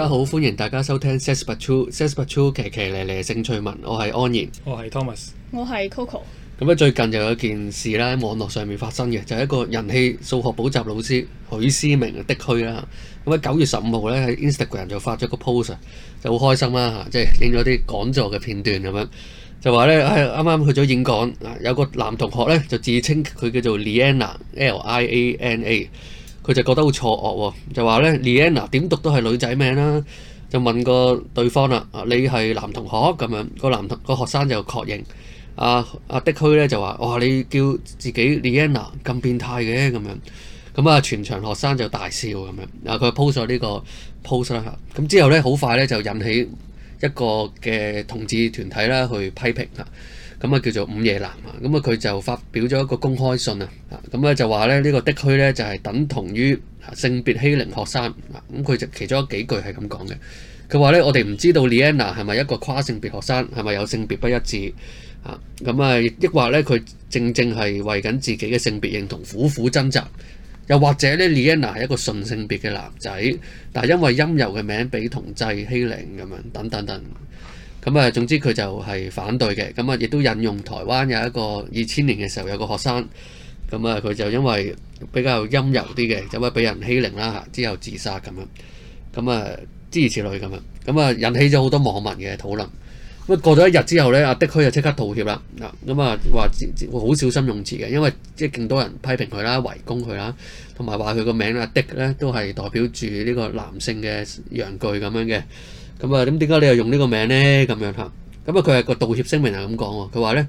大家好，歡迎大家收聽 says but true，says but true，騎騎咧咧嘅性趣聞，我係安然，我係 Thomas，我係 Coco。咁咧最近就有件事咧，喺網絡上面發生嘅就係、是、一個人氣數學補習老師許思明的，區啦。咁喺九月十五號咧喺 Instagram 就發咗個 post，就好開心啦，即係影咗啲講座嘅片段咁樣，就話咧係啱啱去咗演講，有個男同學咧就自稱佢叫做 Liana，L I A N A。佢就覺得好錯愕喎，就話咧 Lianna 點讀都係女仔名啦，就問個對方啦，你係男同學咁樣。個男同、個學生就確認，阿、啊、阿、啊、的區咧就話，哇你叫自己 Lianna 咁變態嘅咁樣，咁啊全場學生就大笑咁樣。啊佢 post 咗呢個 post 啦嚇，咁之後咧好快咧就引起一個嘅同志團體啦去批評嚇。咁啊叫做午夜男啊，咁啊佢就發表咗一個公開信啊，咁咧就話咧呢個的確咧就係等同於性別欺凌學生，咁佢就其中一幾句係咁講嘅。佢話咧我哋唔知道 Liana 係咪一個跨性別學生，係咪有性別不一致啊？咁啊，抑或咧佢正正係為緊自己嘅性別認同苦苦掙扎，又或者咧 Liana 係一個順性別嘅男仔，但係因為陰柔嘅名俾同儕欺凌咁樣等等等。咁啊，總之佢就係反對嘅，咁啊，亦都引用台灣有一個二千年嘅時候有個學生，咁啊，佢就因為比較陰柔啲嘅，有乜俾人欺凌啦，之後自殺咁樣，咁啊，諸如此類咁樣，咁啊，引起咗好多網民嘅討論。咁啊，過咗一日之後呢，阿滴佢就即刻道歉啦，嗱，咁啊，話會好小心用詞嘅，因為即係勁多人批評佢啦、圍攻佢啦，同埋話佢個名阿滴咧都係代表住呢個男性嘅陽具咁樣嘅。咁啊，點點解你又用呢個名咧？咁樣嚇，咁啊，佢係個道歉聲明係咁講喎。佢話咧，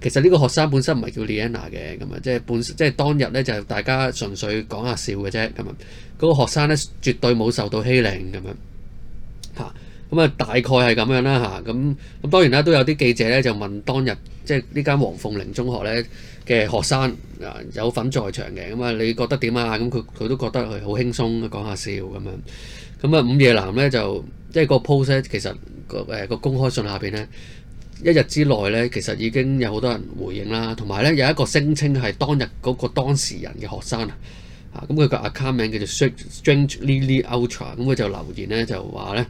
其實呢個學生本身唔係叫 Lianna 嘅，咁啊，即係本即係當日咧就大家純粹講下笑嘅啫。咁啊，嗰個學生咧絕對冇受到欺凌咁樣嚇。咁啊，大概係咁樣啦嚇。咁咁當然啦，都有啲記者咧就問當日即係呢間黃鳳玲中學咧嘅學生啊有份在場嘅咁啊，你覺得點啊？咁佢佢都覺得佢好輕鬆講下笑咁樣。咁啊，五夜男咧就。即係個 post 咧，其實個誒、呃、公開信下邊咧，一日之內咧，其實已經有好多人回應啦，同埋咧有一個聲稱係當日嗰個當事人嘅學生啊，咁佢個 account 名叫做 Strange Lily Ultra 咁、啊、佢、嗯、就留言咧就話咧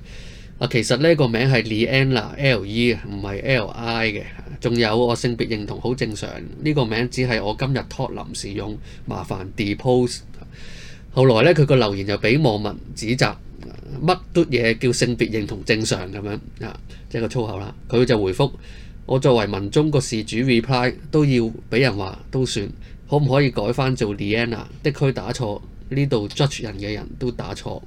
啊其實呢、這個名係 Lianna L.E. 唔係 L.I. 嘅，仲、e, 有我性別認同好正常，呢、這個名只係我今日 talk 臨時用，麻煩 depose、啊。後來咧佢個留言就俾網民指責。乜都嘢叫性別認同正常咁樣啊，即係個粗口啦。佢就回覆，我作為民眾個事主 reply 都要俾人話都算，可唔可以改翻做 Diana？的確打錯，呢度 judge 人嘅人都打錯。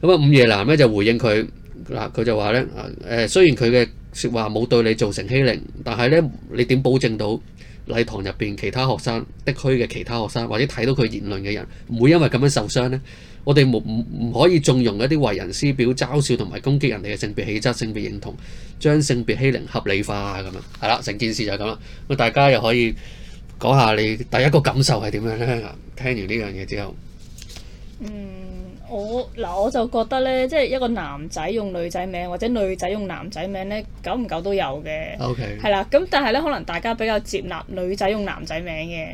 咁啊，五夜男咧就回應佢嗱，佢就話咧誒，雖然佢嘅説話冇對你造成欺凌，但係咧你點保證到？禮堂入邊其他學生的區嘅其他學生，或者睇到佢言論嘅人，唔會因為咁樣受傷呢。我哋冇唔唔可以縱容一啲為人師表嘲笑同埋攻擊人哋嘅性別氣質、性別認同，將性別欺凌合理化啊！咁樣係啦，成件事就係咁啦。咁大家又可以講下你第一個感受係點樣呢？聽完呢樣嘢之後，嗯。我嗱我就覺得咧，即係一個男仔用女仔名，或者女仔用男仔名咧，久唔久都有嘅。Okay。係啦，咁但係咧，可能大家比較接納女仔用男仔名嘅，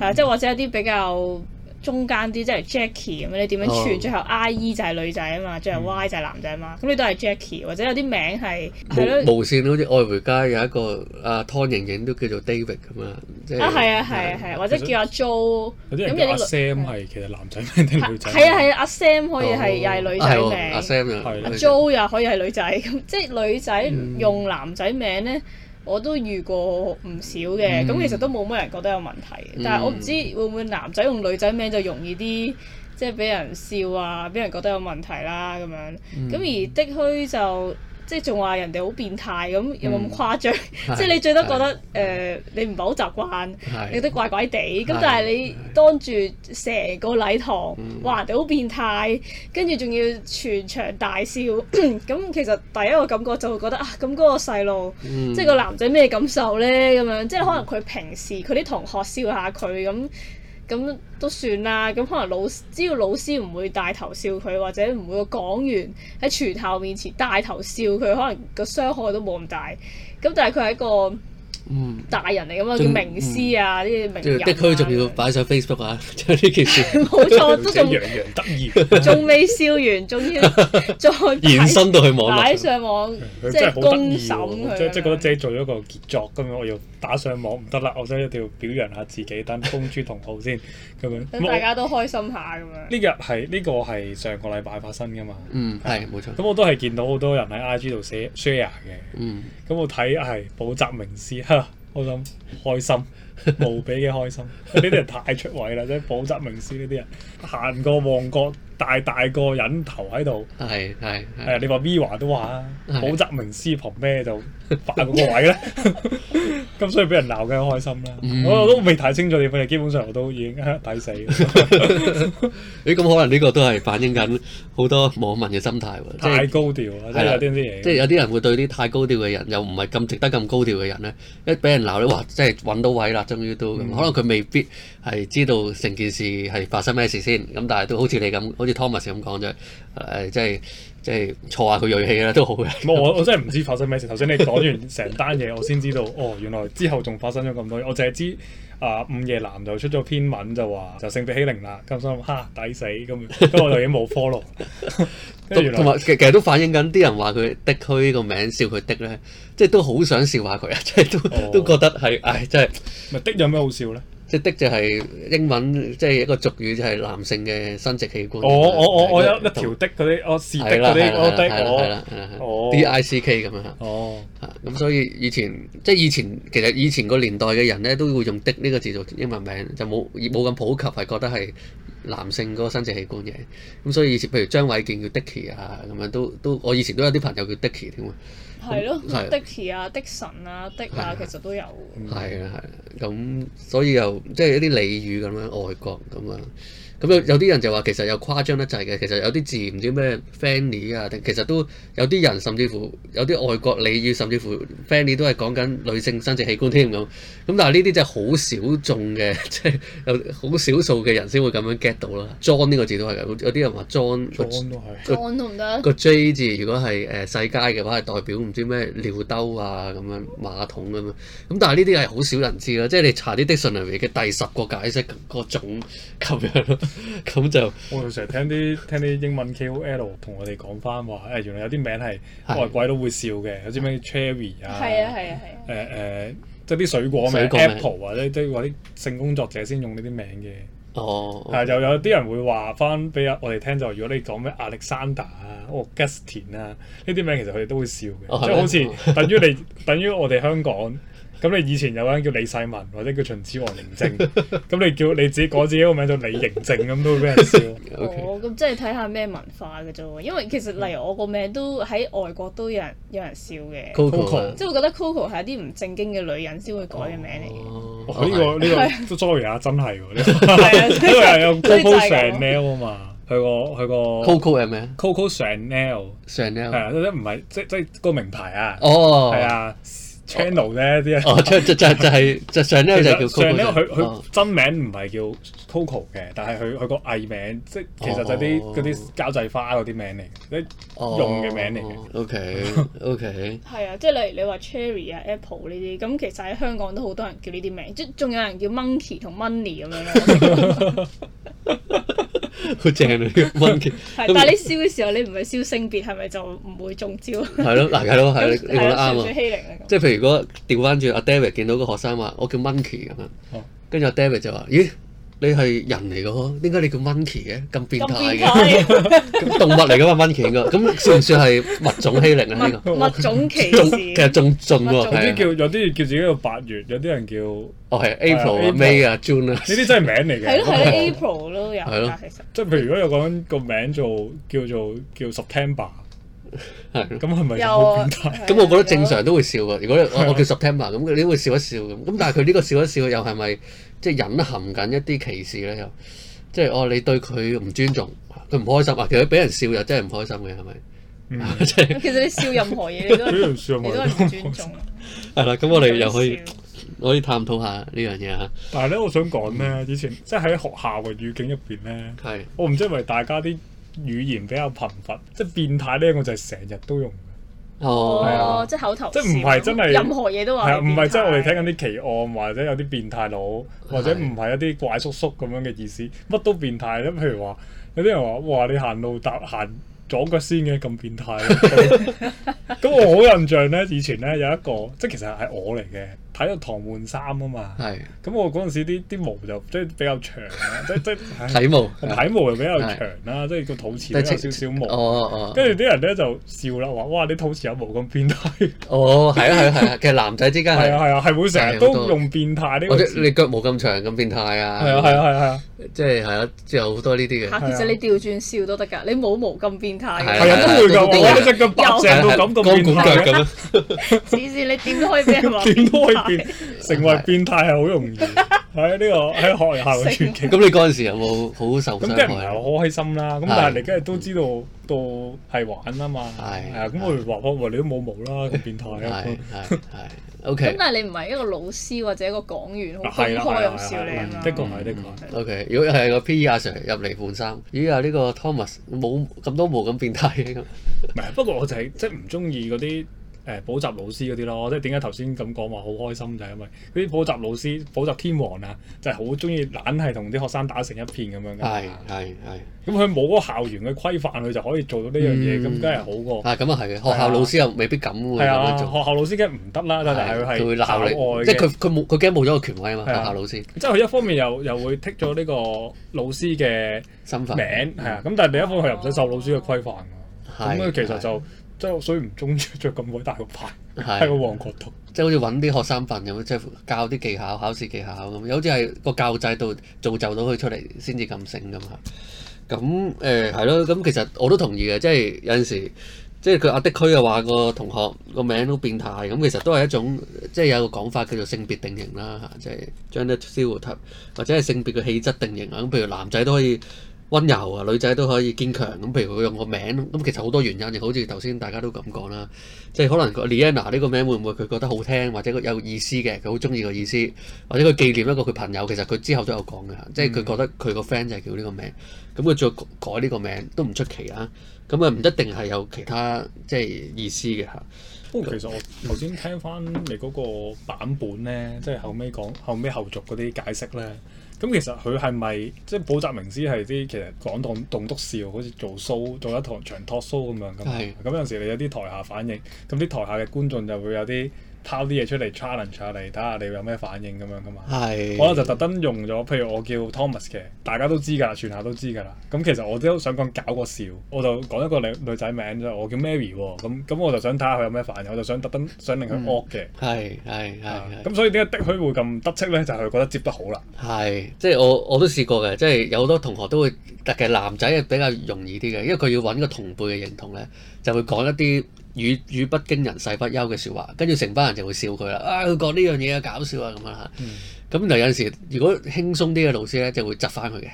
係啊、嗯，即係或者一啲比較。中間啲即係 Jacky 咁，你點樣串？最後 I E 就係女仔啊嘛，最後 Y 就係男仔啊嘛，咁你都係 Jacky，或者有啲名係係咯，無線，好似愛回家有一個阿湯盈盈都叫做 David 咁即啊，係啊係啊係，或者叫阿 Joe 咁。阿 Sam 係其實男仔名定女仔名？係啊係啊，阿 Sam 可以係又係女仔名，阿 Sam 阿 Joe 又可以係女仔，咁即係女仔用男仔名咧。我都遇過唔少嘅，咁、嗯、其實都冇乜人覺得有問題，嗯、但係我唔知會唔會男仔用女仔名就容易啲，即係俾人笑啊，俾人覺得有問題啦咁樣，咁、嗯、而的確就。即係仲話人哋好變態咁，有冇咁誇張？嗯、即係你最多覺得誒、嗯呃，你唔係好習慣，嗯、你都怪怪地。咁、嗯、但係你當住成個禮堂，話、嗯、人哋好變態，跟住仲要全場大笑，咁 其實第一個感覺就會覺得啊，咁嗰個細路，嗯、即係個男仔咩感受呢？」咁樣即係可能佢平時佢啲同學笑下佢咁。咁都算啦，咁可能老只要老師唔會帶頭笑佢，或者唔會講完喺全校面前帶頭笑佢，可能個傷害都冇咁大。咁但係佢係一個。嗯，大人嚟噶叫名師啊，呢啲名人。即係佢仲要擺上 Facebook 啊，將呢件事。冇錯，都仲洋洋得意，仲未笑完，仲要再延伸到去網絡。擺上網，即係公審佢。即即係覺得自己做咗個傑作咁樣，我要打上網唔得啦，我想一定要表揚下自己，等風豬同好先咁樣。等大家都開心下咁樣。呢日係呢個係上個禮拜發生噶嘛？嗯，係冇錯。咁我都係見到好多人喺 IG 度寫 share 嘅。嗯，咁我睇係補習名師。我諗開心，無比嘅開心。呢啲 人太出位啦，即係補習名師呢啲人，行過旺角。大大個人頭喺度，係係係，你話 V 華都話啊，保質是名師旁咩就霸個位咧？咁所以俾人鬧梗開心啦。我都未睇清楚你啲嘢，基本上我都已經抵死。誒，咁可能呢個都係反映緊好多網民嘅心態喎。太高調啊！ 即係有啲啲嘢，即係有啲人會對啲太高調嘅人，又唔係咁值得咁高調嘅人咧，一俾人鬧你話，即係揾到位啦，終於都、嗯、可能佢未必。係知道成件事係發生咩事先咁，但係都好似你咁，呃就是就是、好似 Thomas 咁講就誒，即係即係挫下佢鋭氣啦，都好啦。我我真係唔知發生咩事。頭先你講完成單嘢，我先知道哦，原來之後仲發生咗咁多嘢。我淨係知啊，午、呃、夜男就出咗篇文就話就性別欺凌啦。咁心嚇抵死咁，因為我已經冇 follow。同埋其實都反映緊啲人話佢的區個名笑佢的咧，即係都好想笑下佢，即係都都覺得係唉、哎，真係咪的有咩好笑咧？即係的就係英文，即係一個俗語，就係男性嘅生殖器官。我我我我有一一條的嗰啲，我是的嗰啲，我的我 D I C K 咁樣。哦，咁所以以前即係以前，其實以前個年代嘅人咧，都會用的呢個字做英文名，就冇冇咁普及，係覺得係男性嗰個生殖器官嘅。咁所以以前，譬如張衛健叫 Dicky 啊，咁樣都都，我以前都有啲朋友叫 Dicky 添喎。係咯，Dicky 啊、Dickson 啊、 Dick 啊，其實都有。係啊係啊，咁所以又即係一啲俚語咁樣，外國咁樣。咁、嗯、有有啲人就話其實又誇張得滯嘅，其實有啲字唔知咩 fanny 啊，其實都有啲人甚至乎有啲外國俚語，甚至乎 fanny 都係講緊女性生殖器官添咁。咁但係呢啲真係好少眾嘅，即 係有好少數嘅人先會咁樣 get 到啦。john 呢個字都係嘅，有啲人話 john 都係是個，john 得唔得？個 j 字如果係誒細街嘅話係代表唔知咩尿兜啊咁樣，馬桶咁樣。咁但係呢啲係好少人知啦，即係你查啲 dictionary 嘅第十個解釋嗰種咁樣咯。 咁 樣就我哋成日聽啲聽啲英文 KOL 同我哋講翻話，誒、哎，原來有啲名係外的鬼都會笑嘅，有啲名 Cherry 啊，係啊係啊係啊，誒誒、啊啊，即係啲水果名，水果名 Apple 或、啊、者即係話啲性工作者先用呢啲名嘅、哦，哦，係又、啊、有啲人會話翻俾我哋聽就，如果你講咩 Alexander 啊哦 Augustine 啊，呢啲名其實佢哋都會笑嘅，即係、哦、好似等於你 等於我哋香港。咁你以前有個人叫李世民或者叫秦始皇嬴政，咁你叫你自己改自己個名叫李嬴政咁都會俾人笑。咁即係睇下咩文化嘅啫喎，因為其實例如我個名都喺外國都有人有人笑嘅，Coco，即係我覺得 Coco 係一啲唔正經嘅女人先會改嘅名嚟。哦，呢個呢個都 sorry 啊，真係喎，呢個呢個係有 Coco Chanel 啊嘛，係個係個 Coco 係咩？Coco Chanel，Chanel，係啊，都唔係即即係個名牌啊。哦，係啊。channel 咧啲哦，即即即即係即上咧就叫上咧，佢佢真名唔係叫 Coco 嘅，但係佢佢個藝名，即其實就啲嗰啲交際花嗰啲名嚟嘅，啲用嘅名嚟嘅。OK OK 係啊，即係例如你話 Cherry 啊 Apple 呢啲，咁其實喺香港都好多人叫呢啲名，即仲有人叫 Monkey 同 Money 咁樣啦。好正啊！Monkey，但係 你笑嘅時候，你唔係笑性別，係咪就唔會中招？係 咯， 嗱，係咯，係咯，你覺得啱啊！即係譬如果調翻住阿 David 見到個學生話：我叫 Monkey 咁樣，跟住阿 David 就話：咦？你係人嚟嘅，點解你叫 monkey 嘅？咁變態嘅，動物嚟嘅嘛，monkey 嘅，咁算唔算係物種欺凌啊？呢個物種歧視。其實仲進喎，有啲叫有啲叫自己叫八月，有啲人叫哦係 April 啊 May 啊 June 呢啲真係名嚟嘅。係咯係咯，April 咯有。係咯。即係譬如如果有個人個名做叫做叫 September。係咁，係咪好變態？咁我覺得正常都會笑噶。如果我叫 September，咁你都會笑一笑咁。咁但係佢呢個笑一笑，又係咪即係隱含緊一啲歧視咧？又即係哦，你對佢唔尊重，佢唔開心啊。其實俾人笑又真係唔開心嘅，係咪？嗯，其實你笑任何嘢，你都俾人笑，咪都尊重。係啦，咁我哋又可以可以探討下呢樣嘢吓。但係咧，我想講咧，以前即係喺學校嘅語境入邊咧，我唔知為大家啲。語言比較貧乏，即係變態咧，我就係成日都用哦，嗎即係口頭，即係唔係真係任何嘢都話係啊，唔係即係我哋睇緊啲奇案，或者有啲變態佬，或者唔係一啲怪叔叔咁樣嘅意思，乜是都變態，即譬如話有啲人話哇，你行路踏行左腳先嘅咁變態，咁 我好印象咧，以前咧有一個，即係其實係我嚟嘅。睇到糖換衫啊嘛，咁我嗰陣時啲啲毛就即係比較長啊，即即體毛，個體毛又比較長啦，即係個肚臍都有少少毛，跟住啲人咧就笑啦，話哇你肚臍有毛咁變態。哦，係啊係啊係啊，其實男仔之間係啊係啊係會成日都用變態啲。你腳毛咁長咁變態啊？係啊係啊係啊，即係係啊，即係好多呢啲嘅。其實你調轉笑都得㗎，你冇毛咁變態。係啊，都會㗎，黃色嘅白淨到咁到變態。光棍就係咁啦。只是你點都可以笑。變成為變態係好容易，啊，呢個喺學校嘅傳奇。咁你嗰陣時有冇好受傷害咁即係唔係好開心啦。咁但係你梗係都知道都係玩啊嘛。係啊。咁我話開話你都冇毛啦，咁變態啊。係係。O K。咁但係你唔係一個老師或者一個講員，好公開咁笑你啦。的個係的個 O K。如果係個 P E 阿 Sir 入嚟換衫，咦啊呢個 Thomas 冇咁多毛咁變態嘅咁。唔係，不過我就係即係唔中意嗰啲。誒補習老師嗰啲咯，即係點解頭先咁講話好開心就係因為嗰啲補習老師補習天王啊，就係好中意懶係同啲學生打成一片咁樣嘅。係係係。咁佢冇嗰個校園嘅規範，佢就可以做到呢樣嘢，咁梗係好過。嗯、啊，咁啊係嘅，學校老師又未必咁喎。係啊，啊，學校老師梗係唔得啦，但係佢係鬧你，即係佢佢冇佢驚冇咗個權威啊嘛。學校老師。即係佢一方面又又會剔咗呢個老師嘅身份名係、嗯嗯、啊，咁但係另一方面又唔使受老師嘅規範佢是是其實就……即係所以唔中意着咁鬼大個牌，喺的個旺角度。即係好似揾啲學生份咁，即係教啲技巧、考試技巧咁。有啲係個教制度造就到佢出嚟先至咁醒咁嚇。咁誒係咯，咁、呃、其實我都同意嘅，即係有陣時，即係佢阿的區嘅話、個同學個名都變態咁，其實都係一種即係有個講法叫做性別定型啦嚇，即係將啲或者係性別嘅氣質定型啊。咁譬如男仔都可以。溫柔啊，女仔都可以堅強咁。譬如佢用個名，咁其實好多原因。好似頭先大家都咁講啦，即係可能個 Liana 呢個名會唔會佢覺得好聽，或者佢有意思嘅，佢好中意個意思，或者佢紀念一個佢朋友。其實佢之後都有講嘅，即係佢覺得佢個 friend 就係叫呢個名。咁佢再改呢個名都唔出奇啊。咁啊，唔一定係有其他即係意思嘅嚇。不過、嗯、其實我頭先聽翻你嗰個版本咧，嗯、即係後尾講後尾後續嗰啲解釋咧。咁其實佢係咪即係補習名師，係啲其實講堂棟篤笑，好似做 show 做一堂場 talk show 咁樣咁，咁是有陣時你有啲台下反應，咁啲台下嘅觀眾就會有啲。拋啲嘢出嚟 challenge 下你，睇下你有咩反應咁樣噶嘛？可能是就特登用咗，譬如我叫 Thomas 嘅，大家都知㗎，全校都知㗎啦。咁、嗯、其實我都想講搞個笑，我就講一個女女仔名啫，我叫 Mary 喎。咁咁我就想睇下佢有咩反應，我就想特登想令佢惡嘅。係係係。咁、啊嗯、所以點解的許會咁得戚咧？就係、是、覺得接得好啦。係，即係我我都試過嘅，即係有好多同學都會，特別男仔係比較容易啲嘅，因為佢要揾個同輩嘅認同咧，就會講一啲。語語不驚人世不休嘅説話，跟住成班人就會笑佢啦。啊，佢講呢樣嘢搞笑啊咁樣嚇。咁就、嗯、有陣時，如果輕鬆啲嘅老師咧，就會執翻佢嘅，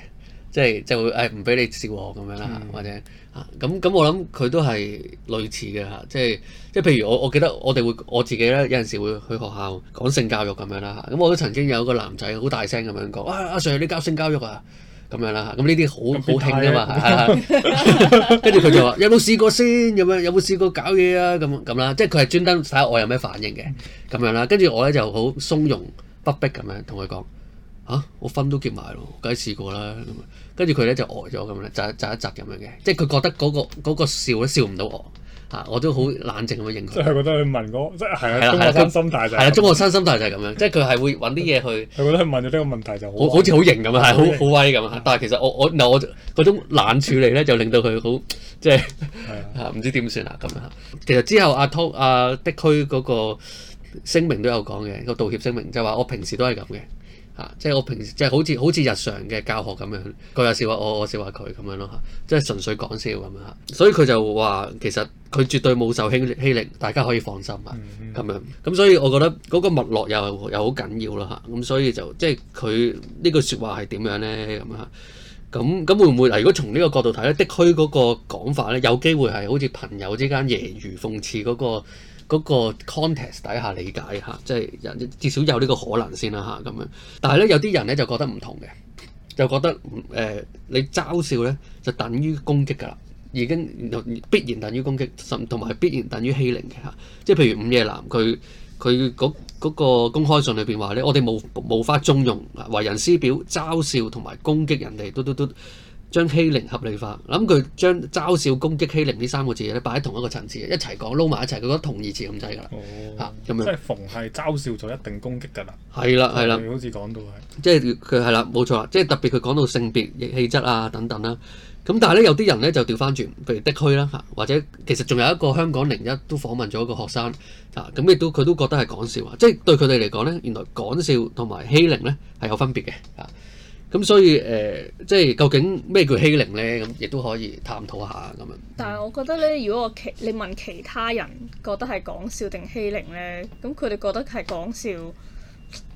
即係即會誒唔俾你笑我咁樣啦，或者啊咁咁。我諗佢都係類似嘅嚇，即係即係譬如我我記得我哋會我自己咧有陣時會去學校講性教育咁樣啦嚇。咁我都曾經有個男仔好大聲咁樣講啊，阿 Sir 你教性教育啊！咁樣啦，咁呢啲好好興噶嘛，跟住佢就話有冇試過先？咁樣有冇試過搞嘢啊？咁咁啦，即係佢係專登睇下我有咩反應嘅，咁樣啦，跟住我咧就好松容不迫咁樣同佢講，嚇、啊、我分都結埋咯，梗係試過啦，跟住佢咧就呆咗咁樣，窒一窒一窒咁樣嘅，即係佢覺得嗰個嗰個笑都笑唔到我。嚇！我都好冷靜咁樣應佢。即係覺得佢問嗰，即係係啊，啊，啊中學生心態就係。係啊，啊，中學生心態就係咁樣， 即係佢係會揾啲嘢去。佢覺得佢問咗呢個問題就好，好似好型咁啊，係好好威咁啊。但係其實我我嗱我嗰種懶處理咧，就令到佢好即係嚇唔知點算啊咁啊。其實之後阿 Tom 啊的區嗰個聲明都有講嘅、個道歉聲明，就話、係、我平時都係咁嘅。啊！即係我平時即係好似好似日常嘅教學咁樣，佢又笑話我，我笑話佢咁樣咯嚇。即係純粹講笑咁樣嚇。所以佢就話其實佢絕對冇受欺欺凌，大家可以放心啊。咁、嗯嗯、樣咁所以我覺得嗰個脈絡又又好緊要咯嚇。咁所以就即係佢呢句説話係點樣咧咁啊？咁咁會唔會嗱？如果從呢個角度睇咧，的確嗰個講法咧有機會係好似朋友之間揶揄諷刺嗰個。嗰個 context 底下理解嚇，即係至少有呢個可能先啦嚇，咁樣。但係咧，有啲人咧就覺得唔同嘅，就覺得誒、呃、你嘲笑咧就等於攻擊㗎啦，已經必然等於攻擊，甚同埋必然等於欺凌嘅嚇。即係譬如午夜男，佢佢嗰個公開信裏邊話咧，我哋冇無無法縱容為人師表嘲笑同埋攻擊人哋，都都都，都都將欺凌合理化，諗佢將嘲笑、攻擊、欺凌呢三個字咧擺喺同一個層次，一齊講，撈埋一齊，佢覺得同義詞咁滯㗎啦嚇咁樣。即係逢係嘲笑就一定攻擊㗎啦。係啦係啦，好似講到係，即係佢係啦冇錯啦，即係特別佢講到性別、氣質啊等等啦。咁但係咧有啲人咧就調返轉，譬如的區啦嚇，或者其實仲有一個香港零一都訪問咗一個學生啊，咁亦都佢都覺得係講笑啊，即係對佢哋嚟講咧，原來講笑同埋欺凌咧係有分別嘅啊。咁所以誒、呃，即係究竟咩叫欺凌咧？咁亦都可以探討下咁樣。但係我覺得咧，如果我其你問其他人覺得係講笑定欺凌咧，咁佢哋覺得係講笑。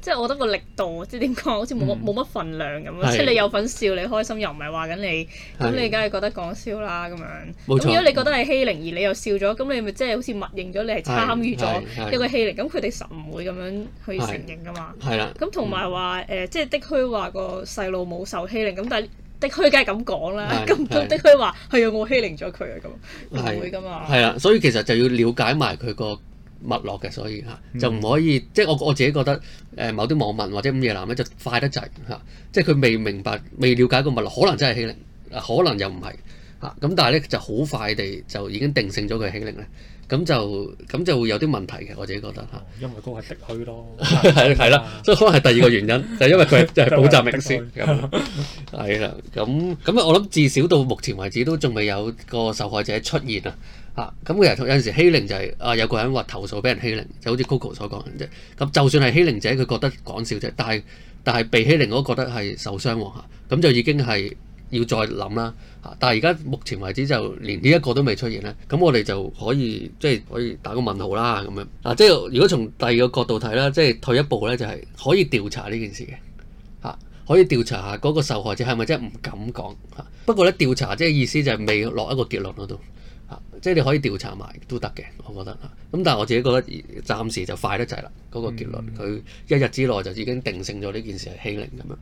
即係我覺得個力度，即係點講，好似冇冇乜份量咁。即係你有份笑，你開心，又唔係話緊你，咁你梗係覺得講笑啦咁樣。冇錯。咁如果你覺得係欺凌，而你又笑咗，咁你咪即係好似默認咗你係參與咗一個欺凌，咁佢哋實唔會咁樣去承認噶嘛。係啦。咁同埋話誒，即係的確話個細路冇受欺凌，咁但係的確梗係咁講啦。咁咁的確話係有冇欺凌咗佢啊，咁唔會噶嘛。係啦，所以其實就要了解埋佢個脈絡嘅，所以嚇就唔可以，即係我我自己覺得誒某啲網民或者午夜男咧就快得滯嚇，即係佢未明白、未了解個脈絡，可能真係欺凌，可能又唔係嚇，咁但係咧就好快地就已經定性咗佢欺凌咧，咁就咁就會有啲問題嘅。我自己覺得嚇，因為都係識去咯，係啦係啦，所以可能係第二個原因，就因為佢就係補習明先。咁，啦，咁咁我諗至少到目前為止都仲未有個受害者出現啊。咁、嗯、其實有陣時欺凌就係、是、啊，有個人話投訴俾人欺凌，就好似 Google 所講嘅啫。咁就算係欺凌者，佢覺得講笑啫，但係但係被欺凌嗰個覺得係受傷喎。咁、啊嗯、就已經係要再諗啦。嚇、啊，但係而家目前為止就連呢一個都未出現咧，咁、啊嗯、我哋就可以即係可以打個問號啦。咁樣啊，即係如果從第二個角度睇啦，即係退一步咧，就係可以調查呢件事嘅嚇、啊，可以調查下嗰個受害者係咪真係唔敢講嚇、啊。不過咧調查即係意思就係未落一個結論咯都。即係你可以調查埋都得嘅，我覺得嚇。咁但係我自己覺得暫時就快得滯啦。嗰、嗰個結論佢、嗯、一日之內就已經定性咗呢件事係欺凌咁樣，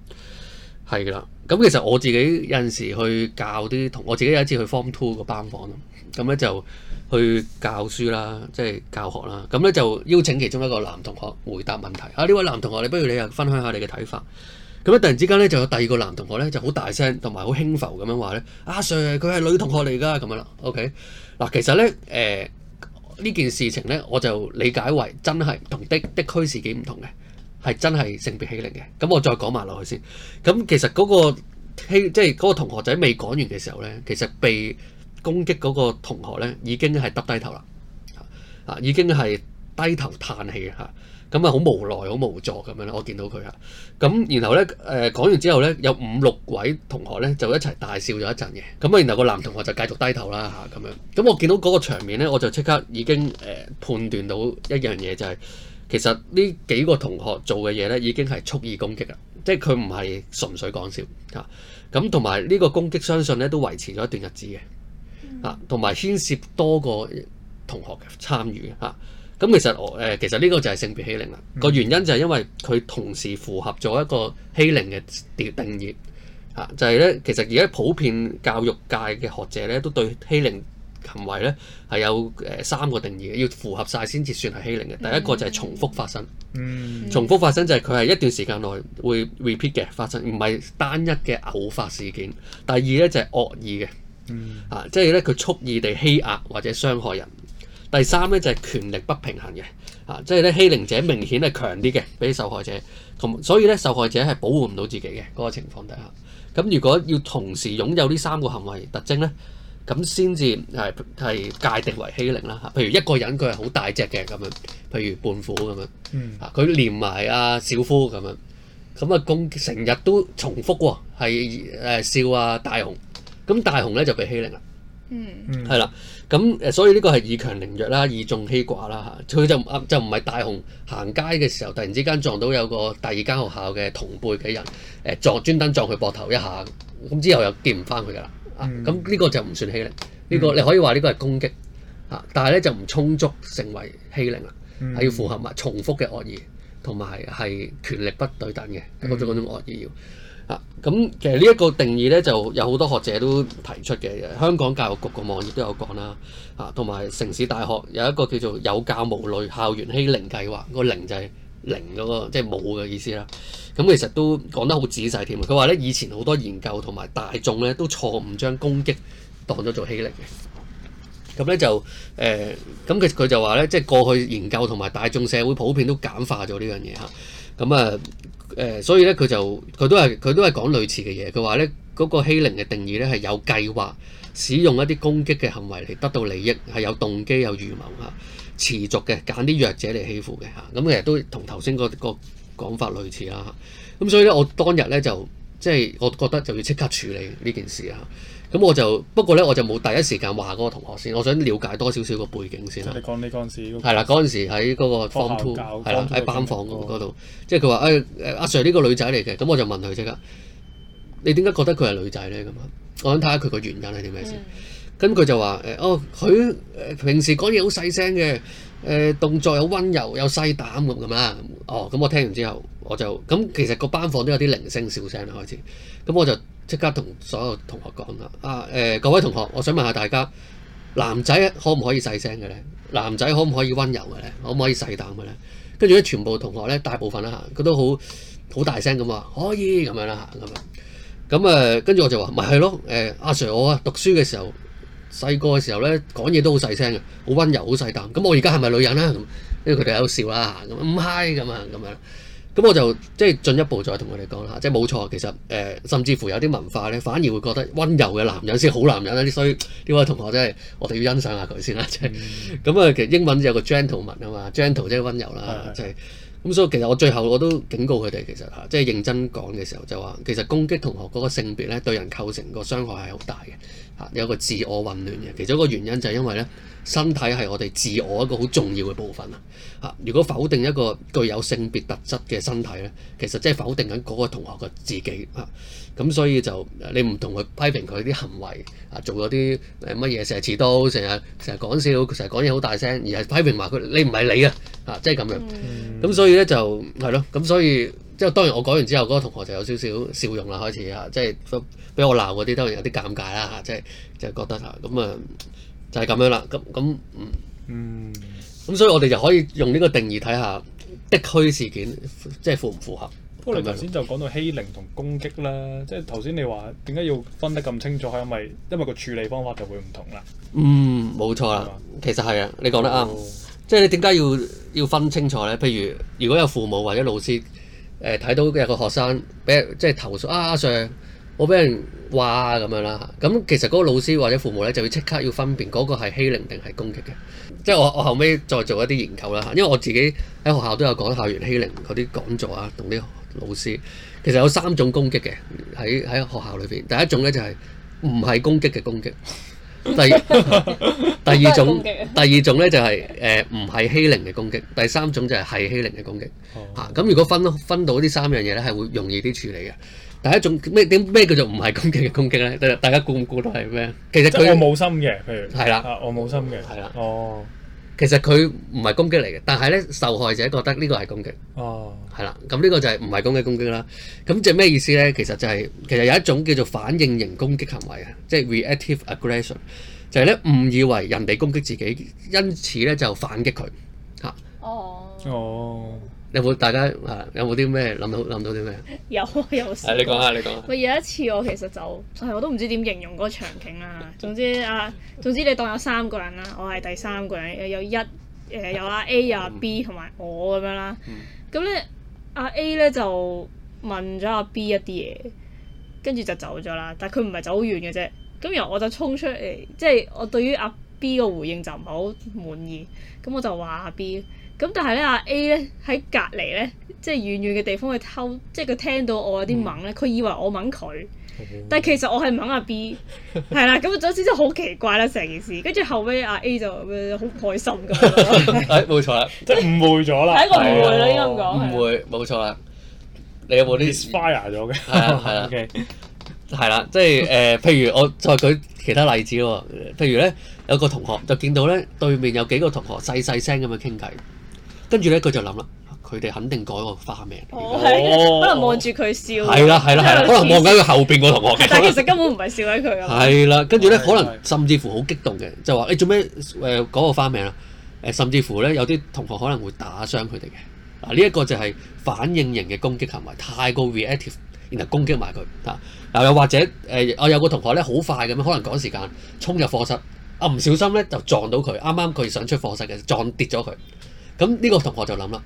係噶啦。咁其實我自己有陣時去教啲同我自己有一次去 Form Two 個班房啦。咁咧就去教書啦，即係教學啦。咁咧就邀請其中一個男同學回答問題。啊，呢位男同學，你不如你又分享下你嘅睇法。咁樣突然之間咧，就有第二個男同學咧，就好大聲，同埋好輕浮咁樣話咧。阿、啊、Sir，佢係女同學嚟㗎，咁樣啦。OK，嗱，其實咧，誒、呃、呢件事情咧，我就理解為真係同的的確是幾唔同嘅，係真係性別欺凌嘅。咁我再講埋落去先。咁其實嗰、嗰個欺，即係嗰個同學仔未講完嘅時候咧，其實被攻擊嗰個同學咧，已經係耷低頭啦，啊，已經係。低頭嘆氣嚇，咁啊好無奈，好無助咁樣咧。我見到佢啊，咁然後咧，誒講完之後咧，有五六位同學咧就一齊大笑咗一陣嘅。咁啊，然後個男同學就繼續低頭啦嚇，咁樣。咁我見到嗰個場面咧，我就即刻已經誒判斷到一樣嘢就係，其實呢幾個同學做嘅嘢咧已經係蓄意攻擊啦，即係佢唔係純粹講笑嚇。咁同埋呢個攻擊，相信咧都維持咗一段日子嘅嚇，同埋牽涉多個同學參與嚇。咁其實我誒、呃、其實呢個就係性別欺凌啦，個、嗯、原因就係因為佢同時符合咗一個欺凌嘅定定義、啊、就係、是、咧其實而家普遍教育界嘅學者咧都對欺凌行為咧係有誒、呃、三個定義嘅，要符合晒先至算係欺凌嘅。第一個就係重複發生，嗯，嗯重複發生就係佢係一段時間內會 repeat 嘅發生，唔係單一嘅偶發事件。第二咧就係、是、惡意嘅，嗯，啊，即係咧佢蓄意地欺壓或者傷害人。第三咧就係權力不平衡嘅，啊，即係咧欺凌者明顯係強啲嘅，俾受害者同，所以咧受害者係保護唔到自己嘅嗰個情況底下，咁如果要同時擁有呢三個行為特徵咧，咁先至係係界定為欺凌啦，嚇，譬如一個人佢係好大隻嘅咁樣，譬如胖虎咁樣，啊，佢連埋阿小夫咁樣，咁啊佢成日都重複，係誒笑阿大雄，咁大雄咧就被欺凌啦，嗯，係啦。咁誒，所以呢個係以強凌弱啦，以眾欺寡啦嚇。佢就啊，就唔係大雄行街嘅時候，突然之間撞到有個第二間學校嘅同輩嘅人，誒、呃、撞專登撞佢膊頭一下，咁、啊、之後又見唔翻佢噶啦。咁、啊、呢個就唔算欺凌，呢、呢個你可以話呢個係攻擊嚇、啊，但係咧就唔充足成為欺凌啦，係、啊啊、要符合埋重複嘅惡意，同埋係權力不對等嘅嗰種嗰種惡意要。咁、啊、其實呢一個定義咧，就有好多學者都提出嘅。香港教育局個網頁都有講啦，啊，同埋城市大學有一個叫做有教無類校園欺凌計劃，個零就係零嗰個，即係冇嘅意思啦。咁、啊、其實都講得好仔細添。佢話咧，以前好多研究同埋大眾咧，都錯誤將攻擊當咗做欺凌嘅。咁、啊、咧就誒，咁其實佢就話咧，即、就、係、是、過去研究同埋大眾社會普遍都簡化咗呢樣嘢嚇。咁啊～啊誒，所以咧佢就佢都係佢都係講類似嘅嘢，佢話咧嗰個欺凌嘅定義咧係有計劃使用一啲攻擊嘅行為嚟得到利益，係有動機，有預謀嚇，持續嘅揀啲弱者嚟欺負嘅嚇，咁其實都同頭先個、嗰個講法類似啦。咁所以咧，我當日咧就即係、就係、我覺得就要即刻處理呢件事啊。咁我就不過咧，我就冇第一時間話嗰個同學先，我想了解多少少個背景先。你講你嗰陣時、那個，係啦，嗰陣時喺嗰個 form two，係啦，喺的、那個、班房嗰度，麼即係佢話誒阿 Sir 呢個女仔嚟嘅，咁我就問佢即刻，你點解覺得佢係女仔咧？咁啊，我想睇下佢個原因係點咩先。跟佢、嗯、就話誒哦，佢平時講嘢好細聲嘅，誒動作又温柔又細膽咁咁啦。哦，咁、呃哦、我聽完之後，我就咁其實個班房都有啲零聲小聲啦開始，咁我就即刻同所有同學講啦！啊誒、呃，各位同學，我想問下大家，男仔可唔可以細聲嘅咧？男仔可唔可以温柔嘅咧？可唔可以細膽嘅咧？跟住咧，全部同學咧，大部分啦嚇，佢都好好大聲咁話，可以咁樣啦嚇咁樣。咁誒，跟住我就話，咪係咯誒，阿、啊、Sir 我啊，讀書嘅時候細個嘅時候咧，講嘢都好細聲嘅，好温柔，好細膽。咁我而家係咪女人咧？咁，因為佢哋喺度笑啦嚇，咁五嗨咁啊咁樣。咁我就即係進一步再同佢哋講啦，即係冇錯，其實誒、呃，甚至乎有啲文化咧，反而會覺得温柔嘅男人先好男人啦。所以呢位同學真係，我哋要欣賞下佢先啦。即係咁啊，其實英文有個 gentleman 啊嘛，gentle 即係温柔啦，即係。咁所以其實我最後我都警告佢哋，其實吓、啊，即係認真講嘅時候就話，其實攻擊同學嗰個性別咧，對人構成個傷害係好大嘅吓、啊，有個自我混亂嘅。其中一個原因就係因為咧，身體係我哋自我一個好重要嘅部分啊！吓，如果否定一個具有性別特質嘅身體咧，其實即係否定緊嗰個同學嘅自己吓。啊咁所以就你唔同佢批評佢啲行為啊，做咗啲乜嘢，成日遲到，成日成日講笑，成日講嘢好大聲，而係批評埋佢你唔係你啊，嚇，即係咁樣。咁、嗯、所以呢就係咯，咁所以即係、就是、當然我講完之後，嗰、那個同學就有少少笑容啦，開始嚇，即係都俾我鬧嗰啲當然有啲尷尬啦，即、啊、係就是就是、覺得嚇，咁啊，啊就係、是、咁樣啦。咁咁嗯嗯，咁、嗯、所以我哋就可以用呢個定義睇下的區事件即係、就是、符唔符合。不過你頭先就講到欺凌同攻擊啦，即係頭先你話點解要分得咁清楚？係因為因為個處理方法就會唔同啦。嗯，冇錯啦，吧其實係啊，你講得啱。即係、嗯、你點解要要分清楚咧？譬如如果有父母或者老師誒睇，呃、到有個學生俾即係投訴啊阿 Sir。啊啊啊啊啊啊我俾人話啊咁樣啦，咁其實嗰個老師或者父母咧就要即刻要分辨嗰、那個係欺凌定係攻擊嘅。即係我我後尾再做一啲研究啦，因為我自己喺學校都有講校園欺凌嗰啲講座啊，同啲老師其實有三種攻擊嘅喺喺學校裏邊。第一種咧就係唔係攻擊嘅攻擊。第二 第二種 第二種咧 就係誒唔係欺凌嘅攻擊。第三種就係、是、係欺凌嘅攻擊。嚇，咁如果分分到呢三樣嘢咧，係會容易啲處理嘅。第一種咩點咩叫做唔係攻擊嘅攻擊咧？大家估唔估到係咩？其實佢我冇心嘅，譬如係啦的、啊，我冇心嘅，係啦的。哦，其實佢唔係攻擊嚟嘅，但係咧受害者覺得呢個係攻擊。哦，係啦，咁呢個就係唔係攻擊攻擊啦。咁即係咩意思咧？其實就係、是、其實有一種叫做反應型攻擊行為啊，即、就、係、是、reactive aggression，就係咧誤以為人哋攻擊自己，因此咧就反擊佢。嚇、啊、哦哦。哦有冇大家啊？有冇啲咩諗到諗到啲咩？有啊，有。誒，你講下你講。 有一次我其實就，我都唔知點形容嗰個場景啦、啊。總之啊，總之你當有三個人啦，我係第三個人，有一誒、呃，有阿 A 有阿、嗯、B 同埋我咁樣啦。咁咧、嗯，阿 A 咧就問咗阿 B 一啲嘢，跟住就走咗啦。但係佢唔係走好遠嘅啫。咁然後我就衝出嚟，即、就、係、是、我對於阿 B 個回應就唔係好滿意。咁我就話阿 B。咁但係咧，阿 A 咧喺隔離咧，即係遠遠嘅地方去偷，即係佢聽到我有啲掹咧，佢以為我掹佢，但係其實我係唔掹阿 B，係啦，咁總之就好奇怪啦成件事，跟住後尾阿 A 就好開心㗎。誒，冇錯啦，即係誤會咗啦，係一個誤會啦，應該講誤會，冇錯啦。你有冇啲 spy 咗嘅？係啦，係啦，係啦，即係誒，譬如我再舉其他例子咯，譬如咧有個同學就見到咧對面有幾個同學細細聲咁樣傾偈。跟住咧，佢就諗啦，佢哋肯定改個花名，oh, 哦、可能望住佢笑，係啦係啦係啦，的可能望緊佢後邊個同學。但其實根本唔係笑緊佢啊。係啦，跟住咧，的可能甚至乎好激動嘅，就話：你做咩誒改個花名啊？誒，甚至乎咧，有啲同學可能會打傷佢哋嘅。嗱，呢一個就係反應型嘅攻擊行為，太過 reactive，然後攻擊埋佢嚇。嗱、啊，又或者誒，我、呃、有個同學咧，好快咁樣，可能趕時間衝入課室，啊唔小心咧就撞到佢，啱啱佢想出課室嘅撞跌咗佢。咁呢個同學就諗啦，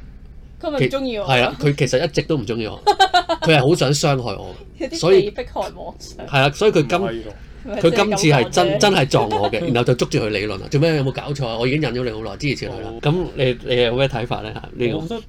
佢咪唔中意我？係啦，佢、啊、其實一直都唔中意我，佢係好想傷害我 害所、啊，所以被迫害我。妄想。係啦，所以佢今佢今次係真是是真係撞我嘅，然後就捉住佢理論啦。做咩？有冇搞錯啊？我已經忍咗你好耐，之前次啦。咁 你你有咩睇法咧？你我覺得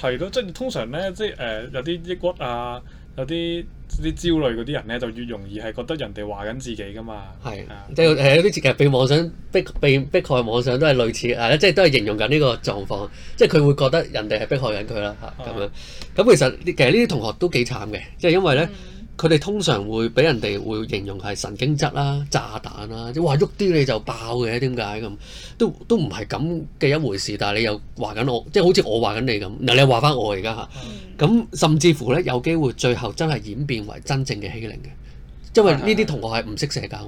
係咯、就是，即係通常咧，即係誒有啲抑鬱啊。有啲啲焦慮嗰啲人咧，就越容易係覺得人哋話緊自己噶嘛。係是，嗯、即係係有啲設計被妄想逼逼逼害妄想都係類似，係、啊、啦，即係都係形容緊呢個狀況，即係佢會覺得人哋係逼害緊佢啦嚇咁樣。咁、嗯、其實其實呢啲同學都幾慘嘅，即係因為咧。嗯佢哋通常會俾人哋會形容係神經質啦、啊、炸彈啦、啊，即係哇喐啲你就爆嘅，點解咁？都都唔係咁嘅一回事，但係你又話緊我，即、就、係、是、好似我話緊你咁，嗱你又話翻我而家嚇，咁甚至乎咧有機會最後真係演變為真正嘅欺凌嘅，因為呢啲同學係唔識社交。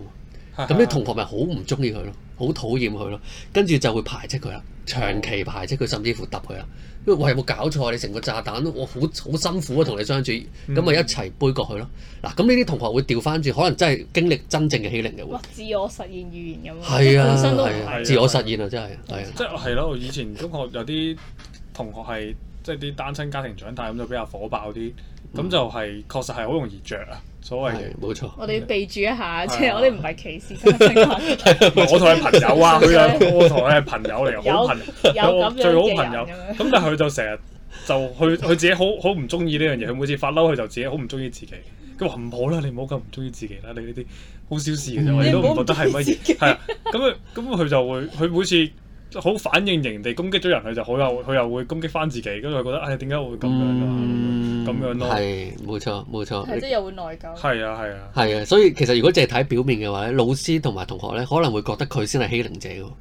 咁啲同學咪好唔中意佢咯，好討厭佢咯，跟住就會排斥佢啦，長期排斥佢，甚至乎揼佢啦。因為我有冇搞錯？你成個炸彈，我好好辛苦啊，同你相處，咁咪一齊杯葛佢咯。嗱，咁呢啲同學會調翻轉，可能真係經歷真正嘅欺凌嘅。哇！自我實現語言咁，本身都係自我實現啊，真係。即係係咯，以前中學有啲同學係即係啲單親家庭長大咁，就比較火爆啲，咁就係確實係好容易着啊。所謂嘅冇錯，我哋要備註一下，即係我哋唔係歧視。我同你朋友啊，佢啊，我同你係朋友嚟，有有最好朋友。咁但係佢就成日就佢佢自己好好唔中意呢樣嘢。佢每次發嬲，佢就自己好唔中意自己。佢話唔好啦，你唔好咁唔中意自己啦。你呢啲好小事嘅啫，我亦都唔覺得係乜嘢。係啊，咁咁佢就會佢每次好反應型地攻擊咗人，佢就好有佢又會攻擊返自己，咁就覺得唉，點解會咁樣㗎？係，冇錯冇錯，即係又會內疚。係啊係啊，係啊，啊，所以其實如果淨係睇表面嘅話咧，老師同埋同學咧，可能會覺得佢先係欺凌者咯。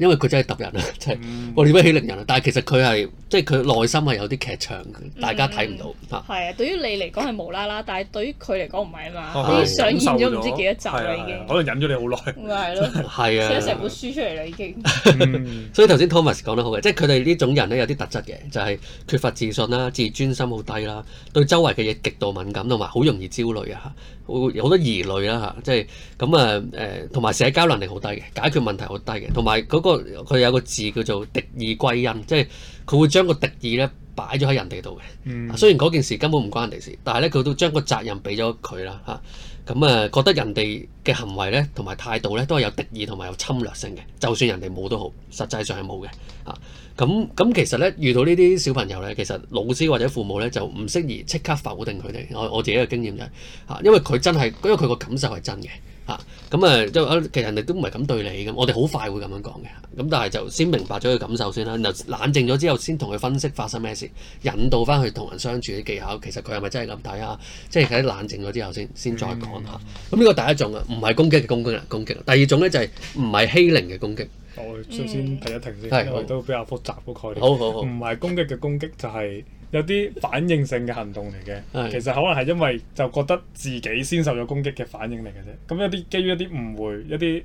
因為佢真係揼人啊，真係我點樣欺凌人啊！但係其實佢係即係佢內心係有啲劇場，大家睇唔到嚇。係啊，對於你嚟講係無啦啦，但係對於佢嚟講唔係啊嘛。啲上演咗唔知幾多集啦，已經。可能忍咗你好耐。咪係咯。係啊。寫成本書出嚟啦，已經。所以頭先 Thomas 講得好嘅，即係佢哋呢種人咧有啲特質嘅，就係缺乏自信啦、自尊心好低啦、對周圍嘅嘢極度敏感同埋好容易焦慮啊。有好多疑慮啦嚇，即係咁啊誒，同埋社交能力好低嘅，解決問題好低嘅，同埋嗰個佢有個字叫做敵意歸因，即係佢會將個敵意咧擺咗喺人哋度嘅。嗯，雖然嗰件事根本唔關人哋事，但係咧佢都將個責任俾咗佢啦嚇。啊。咁啊，覺得人哋嘅行為咧，同埋態度咧，都係有敵意同埋有侵略性嘅。就算人哋冇都好，實際上係冇嘅。啊，咁、啊、咁、啊啊啊啊、其實咧，遇到呢啲小朋友咧，其實老師或者父母咧，就唔適宜即刻否定佢哋。我我自己嘅經驗就係、係，啊，因為佢真係，因為佢個感受係真嘅。嚇咁啊，即其實人哋都唔係咁對你咁，我哋好快會咁樣講嘅。咁但係就先明白咗佢感受先啦。冷靜咗之後，先同佢分析發生咩事，引導翻去同人相處嘅技巧。其實佢係咪真係咁睇下？即係睇冷靜咗之後先先再講嚇。咁呢、嗯嗯嗯嗯、個第一種啊，唔係攻擊嘅攻擊，攻擊，攻擊。第二種咧就係唔係欺凌嘅攻擊。我、嗯嗯、首先停一停先，都比較複雜個概念。好好好，唔係攻擊嘅攻擊就係、是。有啲反應性嘅行動嚟嘅，是其實可能係因為就覺得自己先受咗攻擊嘅反應嚟嘅啫。咁有啲基於一啲誤會，一啲誒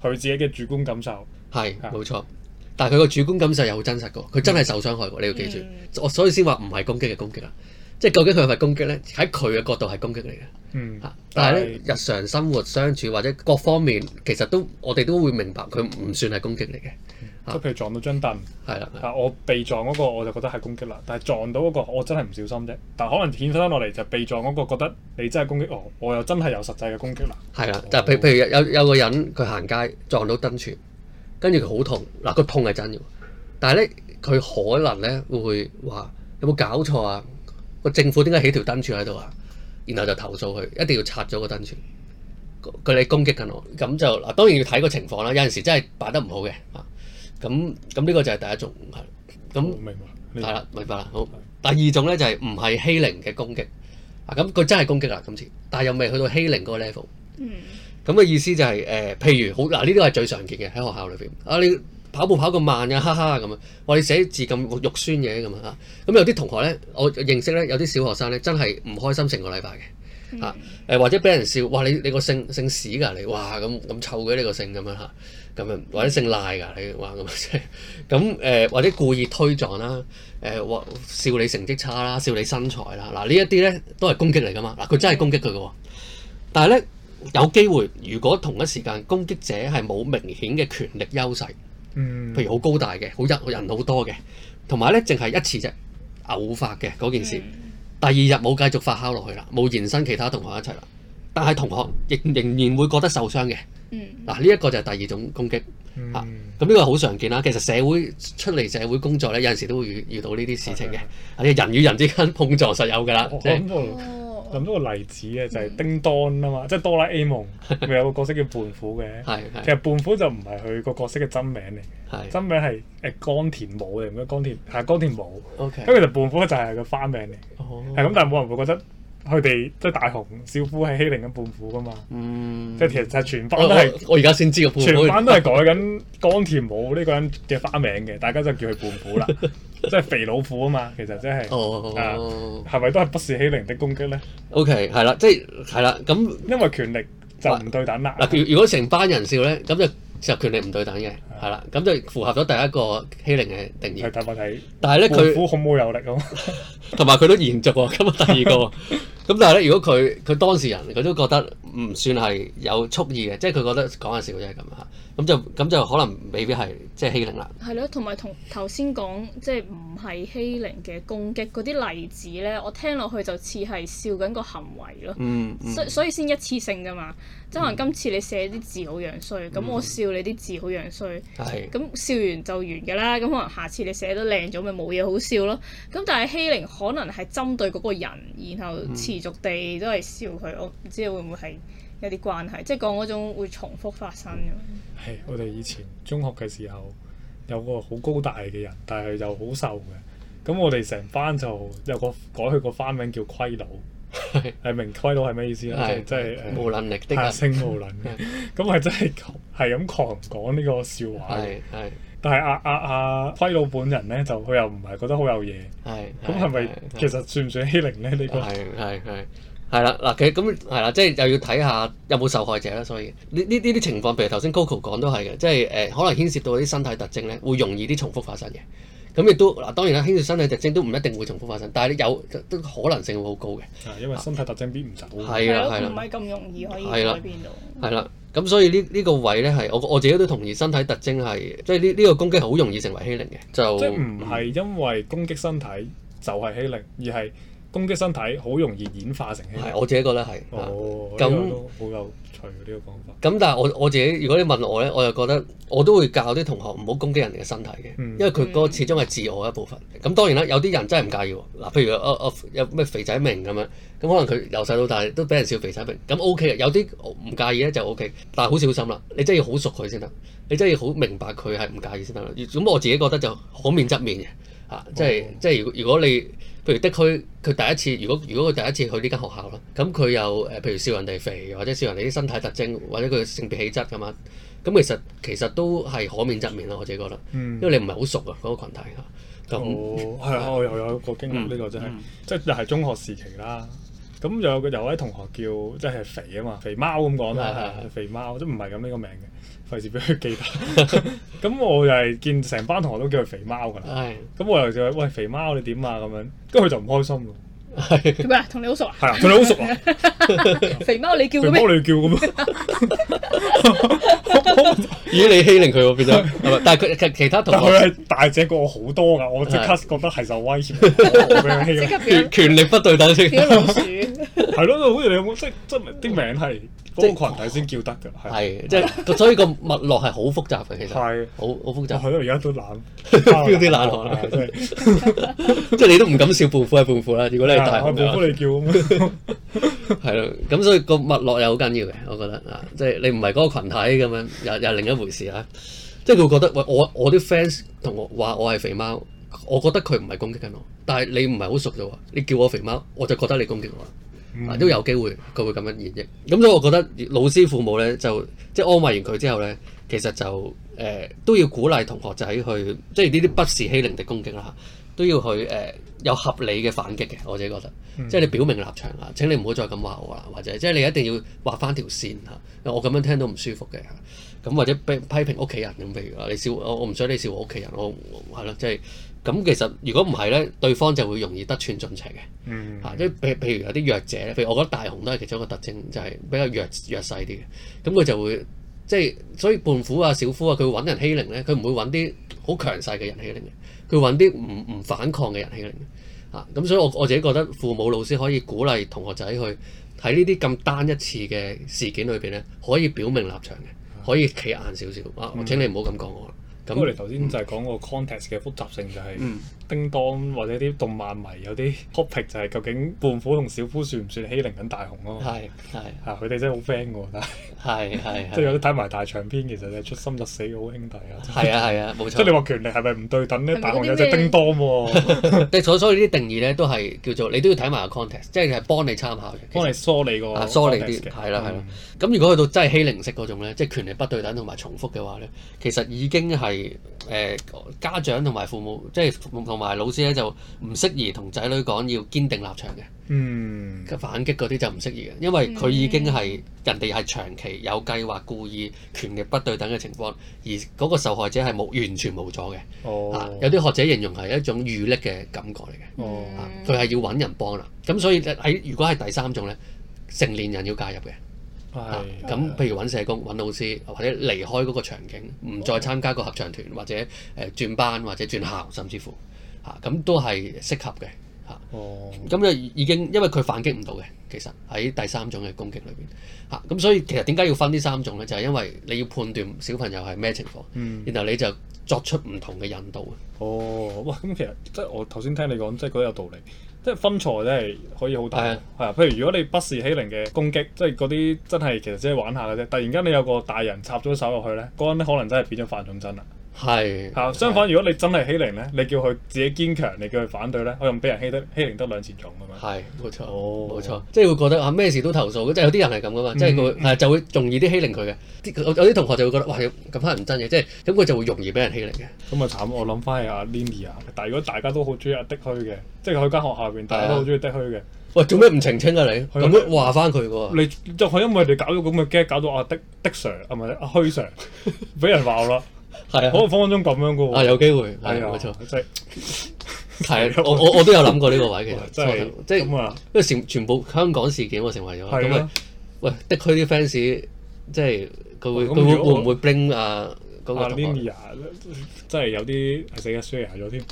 佢自己嘅主觀感受，係冇錯。但係佢個主觀感受又好真實嘅，佢真係受傷害嘅。嗯，你要記住，我所以先話唔係攻擊嘅攻擊啦。即係究竟佢係咪攻擊呢？喺佢嘅角度係攻擊嚟嘅。嗯，但係咧日常生活相處或者各方面，其實都我哋都會明白佢唔算係攻擊嚟嘅。即譬、啊、如撞到張凳，係啦，但我被撞嗰個我就覺得係攻擊啦。的但係撞到嗰個我真係唔小心啫。但可能衍生落嚟就被撞嗰個覺得你真係攻擊我，我又真係有實際嘅攻擊啦。係啦的，哦、就譬譬如有有個人佢行街撞到燈柱，跟住佢好痛嗱，啊個痛係真嘅。但係咧佢可能咧會話有冇搞錯啊？個政府點解起條燈柱喺度啊？然後就投訴佢，一定要拆咗個燈柱。佢你攻擊緊我，咁就嗱當然要睇個情況啦。有陣時真係擺得唔好嘅。咁咁呢個就係第一種，係咁明白啦，明白啦。好，明白第二種咧就係唔係欺凌嘅攻擊，啊咁佢真係攻擊啦，今次，但係又未去到欺凌嗰個 level。嗯，咁嘅意思就係、是、誒、呃，譬如好嗱，呢啲係最常見嘅喺學校裏邊啊，你跑步跑咁慢嘅、啊，哈哈咁啊，我哋寫字咁肉酸嘅咁啊，咁有啲同學咧，我認識咧，有啲小學生咧，真係唔開心成個禮拜嘅。嚇誒或者俾人笑，哇！你你個姓姓屎㗎你，哇咁咁臭嘅呢、這個姓咁樣嚇，咁樣或者姓賴㗎你，哇咁即係咁誒或者故意推撞啦，誒、呃、笑你成績差啦，笑你身材啦，嗱呢一啲咧都係攻擊嚟㗎嘛，嗱佢真係攻擊佢㗎，但係咧有機會如果同一時間攻擊者係冇明顯嘅權力優勢，譬如好高大嘅，好人好多嘅，同埋咧淨係一次啫，偶發嘅嗰件事。嗯第二日冇繼續發酵落去啦，冇延伸其他同學一齊啦，但係同學亦仍，仍然會覺得受傷嘅。嗱、嗯，呢一個就係第二種攻擊。咁呢、嗯啊呢個好常見啦，其實社會出嚟社會工作呢，有陣時都會遇到呢啲事情嘅，嗯、人與人之間碰撞實有㗎啦。諗到個例子咧，就係叮當啊嘛，即係哆啦 A 夢，咪 有個角色叫胖虎嘅， 的其實胖虎就唔係佢個角色嘅真名嚟， 的真名係誒江田武嘅咁樣，江田係江田武，咁其實胖虎就係佢個花名嚟，係咁、oh.，但係冇人會覺得。佢哋即係大雄少夫係欺凌緊胖虎噶嘛？嗯，即係其實全班都係、啊，我而家先知個胖虎，全班都係改緊剛田武呢個人嘅花名嘅，大家就叫佢胖虎啦， 即係肥老虎啊嘛，其實真、就、係、是，哦、啊，係咪都係不是欺凌的攻擊咧？O K，係啦，即係係啦，咁、哦哦、因為權力就唔對等啦。嗱，如果成班人笑咧，咁就就權力唔對等嘅，係啦、嗯，咁就符合咗第一個欺凌嘅定義。但係咧佢胖虎好冇有力咯，同埋佢都延續啊、哦，咁啊第二個。 咁但係咧，如果佢佢當事人佢都覺得唔算係有蓄意嘅，即係佢覺得講下笑真係咁啊，咁就咁就可能未必係即係欺凌啦。係咯，同埋同頭先講即係唔係欺凌嘅攻擊嗰啲例子咧，我聽落去就似係笑緊個行為咯。所、嗯嗯、所以先一次性㗎嘛，即係可能今次你寫啲字好樣衰，咁、嗯、我笑你啲字好樣衰。咁、嗯、笑完就完㗎啦，咁可能下次你寫得靚咗咪冇嘢好笑咯。咁但係欺凌可能係針對嗰個人，然後持續地都係笑佢，我唔知道會唔會係有啲關係，即係講嗰種會重複發生嘅。係、嗯、我哋以前中學嘅時候，有個好高大嘅人，但係又好瘦嘅。咁我哋成班就有又改佢個花名叫虧佬，係、 呃、明虧佬係咩意思咧？ 即係是 無能力的達升無能嘅，咁係 真係係咁狂講呢個笑話。 係阿阿阿輝老本人咧，就佢又唔係覺得好有嘢。係，咁係咪其實算唔算欺凌咧？呢個係係係。係啦，嗱，咁係啦，即係又要睇下有冇受害者啦。所以呢呢呢啲情況，譬如頭先 Koko 講都係嘅，即係誒可能牽涉到啲身體特徵咧，會容易啲重複發生嘅。咁亦都嗱，當然啦，牽涉身體特徵都唔一定會重複發生，但係有都可能性會好高嘅。因為身體特徵變唔到。係啦係啦，唔係咁容易可以改變到。係啦。咁所以呢呢個位咧，係我我自己都同意，身體特徵係即係呢呢個攻擊好容易成為欺凌嘅，就即係唔係因為攻擊身體就係欺凌，而係。攻擊身體好容易演化成係，我自己覺得係。咁好有趣呢、這個講法。咁但係我我自己，如果你問我咧，我就覺得我都會教啲同學唔好攻擊人哋嘅身體嘅，因為佢個始終係自我一部分。咁、嗯、當然啦，有啲人真係唔介意喎。嗱，譬如有咩肥仔明咁樣，咁可能佢由細到大都俾人笑肥仔明，咁 O K 嘅。有啲唔介意咧就 O、OK、K，但係好小心啦。你真係要好熟佢先得，你真係要好明白佢係唔介意先得啦。咁我自己覺得就可面側面嘅嚇、啊，即係、哦哦、即係如如果你。譬如的確，佢第一次，如果如果佢第一次去呢間學校啦，咁佢又誒，譬如笑人哋肥，或者笑人哋啲身體特徵，或者佢性別氣質咁樣，咁其實其實都係可免則免咯，我自己覺得，因為你唔係好熟啊嗰、那個羣體嚇。哦，啊、嗯嗯 哦，我又有個經歷，呢、這個真、就、係、是嗯嗯、即係係中學時期啦。咁又有個有位同學叫即係、就是、肥啊嘛，肥貓咁講啦，肥貓、嗯，即唔係咁呢個名嘅。費事俾佢記得，咁我又係見成班同學都叫佢肥貓㗎啦， 咁我又叫喂，肥貓你點啊咁樣，咁佢就唔開心係同你好熟啊？係啊，同你好熟啊！肥貓，你叫咩？你叫咁啊？以你欺凌佢，我變咗。但係佢其他同學係大隻過我好多噶，我即刻覺得係受威脅。即刻表權力不對等先。表一次。係咯，好似你有冇？即即啲名係個羣體先叫得㗎。係即係，所以個脈絡係好複雜嘅。其實係好好複雜。係咯，而家都冷，標啲冷汗啦。即係你都唔敢笑胖虎係胖虎啦。如果你大派部你叫咁，， 係咯，咁所以個脈絡又好緊要嘅。我覺得啊，即、就、係、是、你唔係嗰個羣體咁樣，又又另一回事啦、啊。即係佢覺得喂，我我啲 fans 同學話我係肥貓，我覺得佢唔係攻擊緊我，但係你唔係好熟啫喎，你叫我肥貓，我就覺得你攻擊我啦、啊，都有機會佢會咁樣演繹。咁、嗯、所以我覺得老師、父母咧就即係、就是、安慰完佢之後咧，其實就誒、呃、都要鼓勵同學仔去，即係呢啲不是欺凌的攻擊啦。都要去誒、呃、有合理嘅反擊嘅，我自己覺得，即係你表明立場啦，請你唔好再咁話我啦，或者即係你一定要畫翻條線嚇，我咁樣聽到唔舒服嘅，咁或者批批評屋企人咁，譬如話你笑我，我唔想你笑我屋企人，我係咯，即係咁其實如果唔係咧，對方就會容易得寸進尺嘅，嚇、嗯啊、即係譬譬如有啲弱者，譬如我覺得大雄都係其中一個特徵，就係、是、比較弱弱勢啲嘅，咁佢就會即係所以胖虎啊、小夫啊，佢會揾人欺凌咧，佢唔會揾啲好強勢嘅人欺凌嘅。佢揾啲唔唔反抗嘅人氣嚟，啊咁所以我，我我自己覺得父母老師可以鼓勵同學仔去喺呢啲咁單一次嘅事件裏邊咧，可以表明立場嘅，可以企硬少少、嗯、啊！我請你唔好咁講我啦。咁不過，你頭先就係講個 context 嘅複雜性就係、是。嗯叮當或者啲動漫迷有啲 topic 就係究竟胖虎同小夫算唔算欺凌緊大雄咯？係係啊！佢哋、啊、真係好 friend 㗎喎，但係即係有啲睇埋大長篇，其實係出生入死嘅好兄弟啊！係啊係啊，冇、啊、錯。即係你話權力係咪唔對等咧？是是大雄有隻叮當喎、啊。即 所以呢啲定義咧，都係叫做你都要睇埋個 context，即係係幫你參考嘅，幫你梳理你個啊梳理啲係啦係啦。咁如果去到真係欺凌式嗰種咧，即係權力不對等同埋重複嘅話咧，其實已經係誒、呃、家長同埋父母即係父母同埋老師咧就唔適宜同仔女講要堅定立場嘅，嗯、反擊嗰啲就唔適宜嘅，因為佢已經係、嗯、人哋係長期有計劃、故意權力不對等嘅情況，而嗰個受害者係冇完全無助嘅。有啲學者形容係一種預力嘅感覺嚟嘅。佢係、哦啊、要揾人幫啦，咁所以喺如果係第三種呢，成年人要介入嘅。係、哎，咁、啊、譬如揾社工、揾老師，或者離開嗰個場景，唔再參加個合唱團，哦、或者誒轉班或者轉校，甚至乎。嚇咁、啊、都係適合嘅嚇，咁、啊、就、哦、已經因為佢反擊唔到嘅，其實喺第三種嘅攻擊裏邊嚇，咁、啊啊、所以其實點解要分呢三種咧？就係、是、因為你要判斷小朋友係咩情況，嗯、然後你就作出唔同嘅引導哦，哇！咁其實即係我頭先聽你講，即係覺得有道理，即係分錯真係可以好大。係啊的，譬如如果你不時欺凌嘅攻擊，即係嗰啲真係其實即係玩下嘅啫，突然間你有個大人插咗手落去咧，嗰個可能真係變咗犯眾憎啦。係嚇，相反如果你真係欺凌咧，你叫佢自己堅強，你叫佢反對咧，我又唔俾人欺得欺凌得兩錢重㗎嘛。係，冇錯、哦。冇錯。即係會覺得啊，咩事都投訴、就是，即係有啲人係咁㗎嘛，即係佢就會容易啲欺凌佢嘅。有啲同學就會覺得哇，咁翻唔真嘅，即係咁佢就會容易俾人欺凌嘅。咁啊慘！我諗翻係阿 Linda，但係如果大家都好中意阿虛的虛嘅，即係佢喺間學校入邊大家都好中意的虛嘅、啊。喂，做咩唔澄清啊你？咁他樣話翻佢喎。你，你就係因為你搞咗咁嘅 game，搞到阿的的 Sir 係咪 阿虛 Sir 俾人鬧啦？ 係，可能方方中咁樣噶喎。係有機會，係冇錯，係我我我都有諗過呢個位，其實即係即係，因為全全部香港事件，我成為咗咁啊！喂，的佢啲 fans，即係佢會佢會會唔會 bring 啊？啊 l i n e a 真係有啲係成日 share 咗添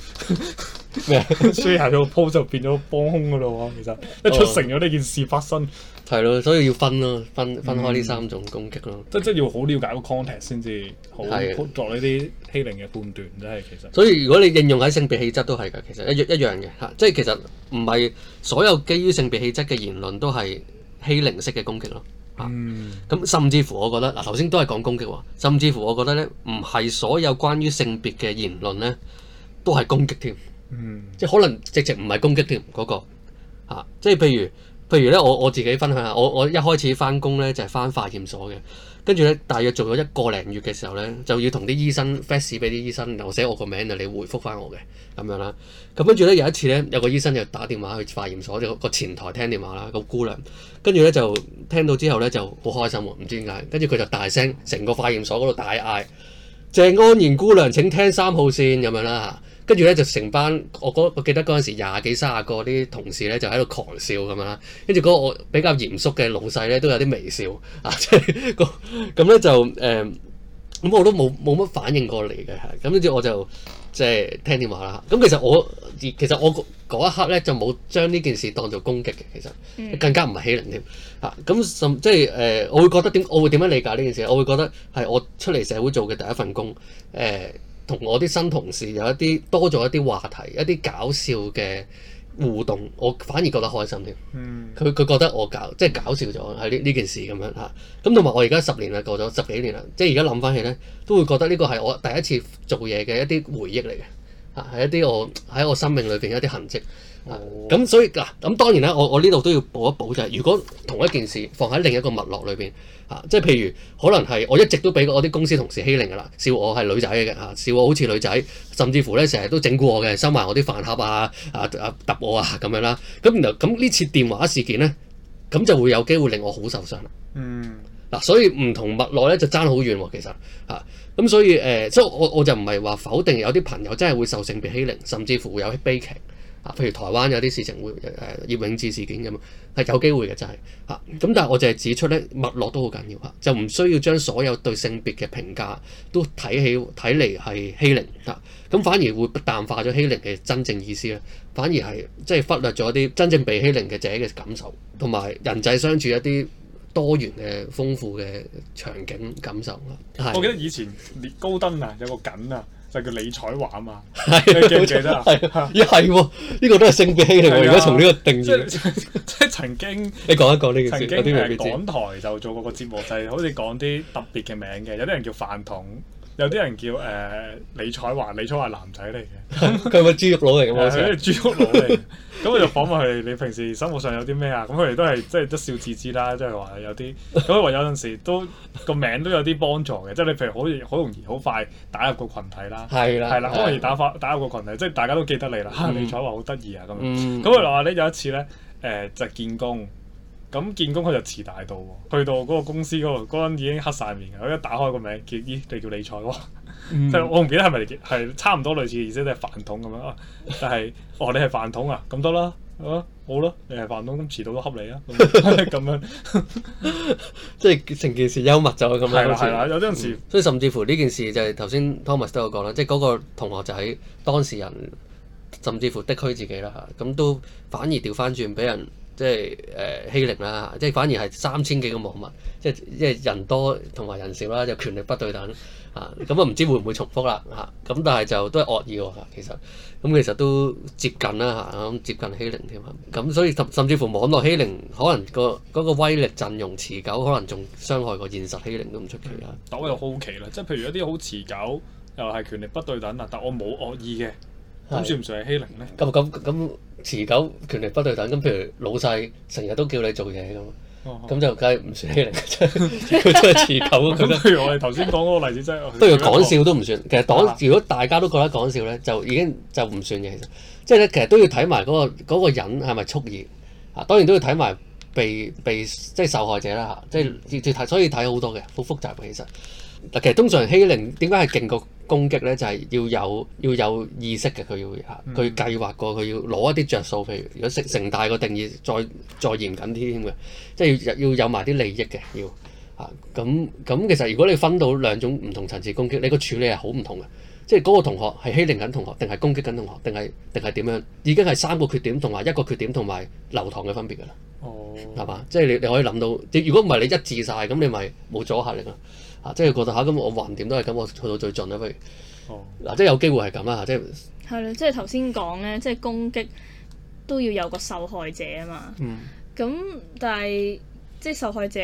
，share 咗個， 個 post 就變咗幫兇噶啦喎！其實一出成咗呢件事發生，係咯、哦，所以要分咯、啊，分分開呢三種攻擊咯、嗯。即係即係要好了解個 context 先至好作呢啲欺凌嘅判斷，真係其實。所以如果你應用喺性別氣質都係㗎，其實一一樣嘅嚇，即係其實唔係所有基於性別氣質嘅言論都係欺凌式嘅攻擊咯。嗯，咁甚至乎，我覺得嗱，頭先都係講攻擊喎。甚至乎，我覺得咧，唔係所有關於性別嘅言論咧，都係攻擊添。嗯，即係可能直直唔係攻擊添嗰個。啊、即係譬如譬如咧，我我自己分享下，我我一開始翻工咧就係、是、翻化驗所嘅。跟住咧，大約做咗一個零月嘅時候咧，就要同啲醫生發 fax 俾啲醫生，又寫我個名啊，你回覆翻我嘅咁樣啦。咁跟住咧，有一次咧，有個醫生就打電話去化驗所，就個前台聽電話啦，個姑娘。跟住咧就聽到之後咧就好開心喎，啊，唔知點解。跟住佢就大聲，成個化驗所嗰度大嗌：鄭安然姑娘請聽三號線咁樣啦跟住咧就成班，我我記得嗰陣時廿幾卅個啲同事咧就喺度狂笑咁樣，跟住嗰個比較嚴肅嘅老細咧都有啲微笑啊，即係咁咧就誒、是，咁、嗯嗯、我都冇冇乜反應過嚟嘅，咁跟住我就即係聽電話啦。咁、嗯、其實我其實我嗰一刻咧就冇將呢件事當做攻擊嘅，其實更加唔係欺凌添嚇。咁甚即係誒，我會覺得點？我會點樣理解呢件事？我會覺得係我出嚟社會做嘅第一份工誒。呃誒呃同我啲新同事有一啲多咗一啲話題，一啲搞笑嘅互動，我反而覺得開心添。嗯，佢佢覺得我搞即係搞笑咗係呢呢件事咁樣嚇。咁同埋我而家十年啦，過咗十幾年啦，即係而家諗翻起呢，都會覺得呢個係我第一次做嘢嘅一啲回憶嚟嘅嚇，係、啊、一啲我喺我生命裏邊一啲痕跡。咁、哦、所以嗱，咁當然啦，我我呢度都要補一補，就係如果同一件事放喺另一個脈絡裏邊嚇，即係譬如可能係我一直都俾我啲公司同事欺凌嘅啦，笑我係女仔嘅嚇、啊，笑我好似女仔，甚至乎咧成日都整蠱我嘅，收埋我啲飯盒啊，啊啊揼我啊咁樣啦。咁、啊、然後咁呢、啊、次電話事件咧，咁就會有機會令我好受傷啦。嗯，嗱、啊，所以唔同脈絡咧就爭好遠喎，其實嚇咁、啊啊、所以誒，即係我我就唔係話否定有啲朋友真係會受性別欺凌，甚至乎會有悲劇。譬如台灣有啲事情會誒、啊、葉永鋕事件咁啊，係有機會嘅就係啊，咁但係我就係指出咧，脈絡都好緊要啊，就唔需要將所有對性別嘅評價都睇起睇嚟係欺凌啊，咁、啊、反而會淡化咗欺凌嘅真正意思咧，反而係即係忽略咗啲真正被欺凌嘅者嘅感受，同埋人際相處一啲多元嘅豐富嘅場景感受啦。啊、我記得以前列高登啊，有個梗啊。就叫李彩華啊嘛， 記唔記得 啊？係啊，亦係喎，呢、這個都係性別欺凌喎。如果、 啊、從呢個定義，即係曾經，你講 一講呢個，曾經係港台就做過個節目，就係、是、好似講啲特別嘅名嘅，有啲人叫飯桶。有啲人叫誒、呃、李彩華，李彩華男仔嚟嘅，佢、嗯、咪豬肉佬嚟嘅，嘛？佢係豬肉佬嚟。咁佢 就訪問佢，哋，你平時生活上有啲咩啊？咁佢哋都係即係都一笑置之啦，即係話有啲咁。佢話有陣時都個名都有啲幫助嘅，即、就、係、是、你譬如好好容易、好快打入個群體啦，係啦，係啦，好容易打發、打入個群體，即係大家都記得你啦。嗯、李彩華好得意啊，咁咁佢話咧，有一次咧誒、呃、就見工。咁見工佢就遲大到，去到嗰個公司嗰度嗰陣已經黑晒面嘅，佢一打開個名叫咦，你、欸、叫李彩咯，即係、嗯、 我唔記得係咪，係差唔多類似，意思，都係飯桶咁樣啊。但係哦，你係飯桶啊，咁得啦，好啦，你係飯桶，咁遲到都恰你啊，咁樣， 即係成件事幽默咗咁樣。係啦，有陣時、嗯，所以甚至乎呢件事就係頭先 Thomas 都有講啦，即係嗰個同學就喺當事人，甚至乎的區自己啦嚇，咁都反而調翻轉俾人。即係誒欺凌啦，即係、就是哎、反而係三千幾個網民，即係即係人多同埋人少啦，就權力不對等啊，咁啊唔知會唔會重複啦嚇？咁、啊、但係就都係惡意喎，其實咁其實都接近啦嚇、啊，接近欺凌添。咁、啊、所以甚至乎網絡欺凌可能個嗰威力、陣容持久，可能仲傷害過現實欺凌都唔出奇啦。但我又好奇啦，即係譬如一啲好持久又係權力不對等啊，但我冇惡意嘅，咁算唔算係欺凌咧？咁咁咁。持久，權力不對等，咁譬如老細成日都叫你做嘢咁，咁、哦、就梗係唔算欺凌，佢真係持久。咁不如我哋頭先講嗰個例子真係。不如講笑都唔算，其實講、哦、如果大家都覺得講笑咧，就已經就唔算嘅。其實即係咧，其實都要睇埋嗰個人係咪蓄意啊，當然都要睇埋被被即係受害者啦嚇，即係所以睇好多嘅，好複雜嘅其實。嗱，其實通常欺凌點解係勁局？攻擊咧就係、是、要有要有意識嘅，佢要嚇佢計劃過，佢要攞一啲着數。譬如如果成大個定義再再嚴謹啲添嘅，即係要要有埋啲利益嘅，要嚇咁咁。其實如果你分到兩種唔同層次攻擊，你個處理係好唔同嘅，即係嗰個同學係欺凌緊同學，定係攻擊緊同學，定係定係點樣？已經係三個缺點同埋一個缺點同埋留堂嘅分別㗎啦。哦，係嘛？即係你你可以諗到，如果唔係你一致晒，咁你咪冇阻嚇力㗎。啊、即係覺得嚇，咁我橫掂都係咁，我去到最盡啦。不如，嗱、哦啊，即係有機會係咁啦。即係係咯，即係頭先講咧，即係攻擊都要有個受害者啊嘛。咁、嗯、但係即係受害者，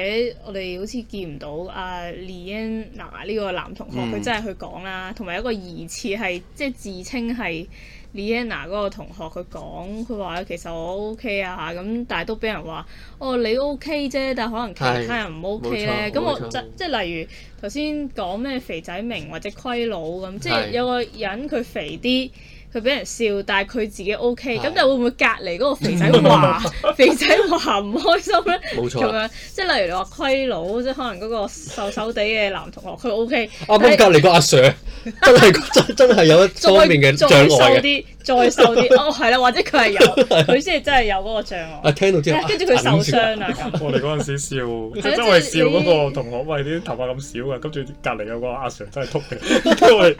我哋好似見唔到阿 Leon 嗱呢個男同學，佢、嗯、真係去講啦，同埋一個疑似係即係自稱係。Lianna 嗰個同學，佢講，佢話其實我 OK 啊，咁但係都俾人話，哦你 OK 啫，但係可能其他人唔 OK 咧。咁我冇錯，即即係例如頭先講咩肥仔明或者虧佬咁，即係有個人佢肥啲。佢俾人笑，但係佢自己 O K，咁但會唔會隔離嗰個肥仔話，肥仔話唔開心咧？冇錯，咁樣即係例如你話虧佬，即係可能嗰個瘦瘦地嘅男同學，佢 O K。阿斌隔離個阿 Sir，真係真真有一方面嘅障礙。再瘦啲，再瘦啲，哦係啦，或者佢係有，佢先係真係有嗰個障礙。啊，聽到知跟住佢受傷啦。我哋嗰陣時笑，因為笑嗰個同學，喂，啲頭髮咁少嘅，跟住隔離有個阿 Sir 真係禿你，因為。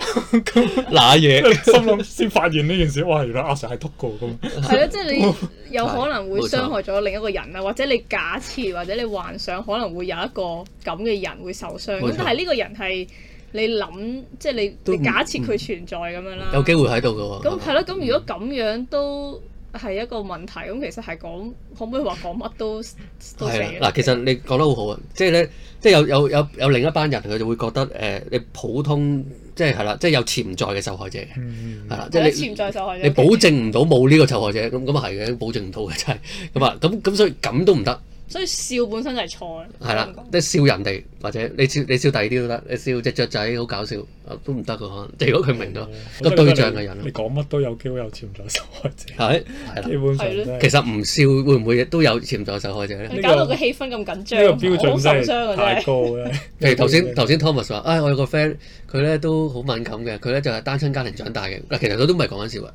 嗱嘢，心諗先發現呢件事，哇！原來阿 Sir 係禿過咁，係咯，即係你有可能會傷害咗另一個人啊，或者你假設或者你幻想，可能會有一個咁嘅人會受傷，咁但係呢個人係你諗，即係你你假設佢存在咁樣啦，有機會喺度噶，咁係咯，咁如果咁樣都係一個問題，咁其實係講可唔可以話講乜都都死？嗱，其實你講得好好啊，即係咧，即係有有有有另一班人佢就會覺得誒，你普通。即係係啦，即係有潛在嘅受害者嘅，係啦、嗯，即係你潛在受害者，你保證唔到冇呢個受害者，咁咁啊係嘅，保證唔到嘅真係，咁啊咁咁所以咁都唔得。所以笑本身就係錯嘅。係啦了，即係笑人哋，或者你笑你笑第二啲都得，你笑，你笑隻雀仔好搞笑，都唔得嘅可能。如果佢明到，的個對象嘅人，你講乜都有機會有潛在受害者。係係啦，基本係，其實唔笑會唔會都有潛在受害者咧？這個、搞到個氣氛咁緊張，標準受傷啊！太高嘅。譬 如頭先頭先 Thomas 話：，唉、哎，我有個 friend，佢咧都好敏感嘅，佢咧就係、是、單親家庭長大嘅。嗱，其實佢都唔係講緊笑啊。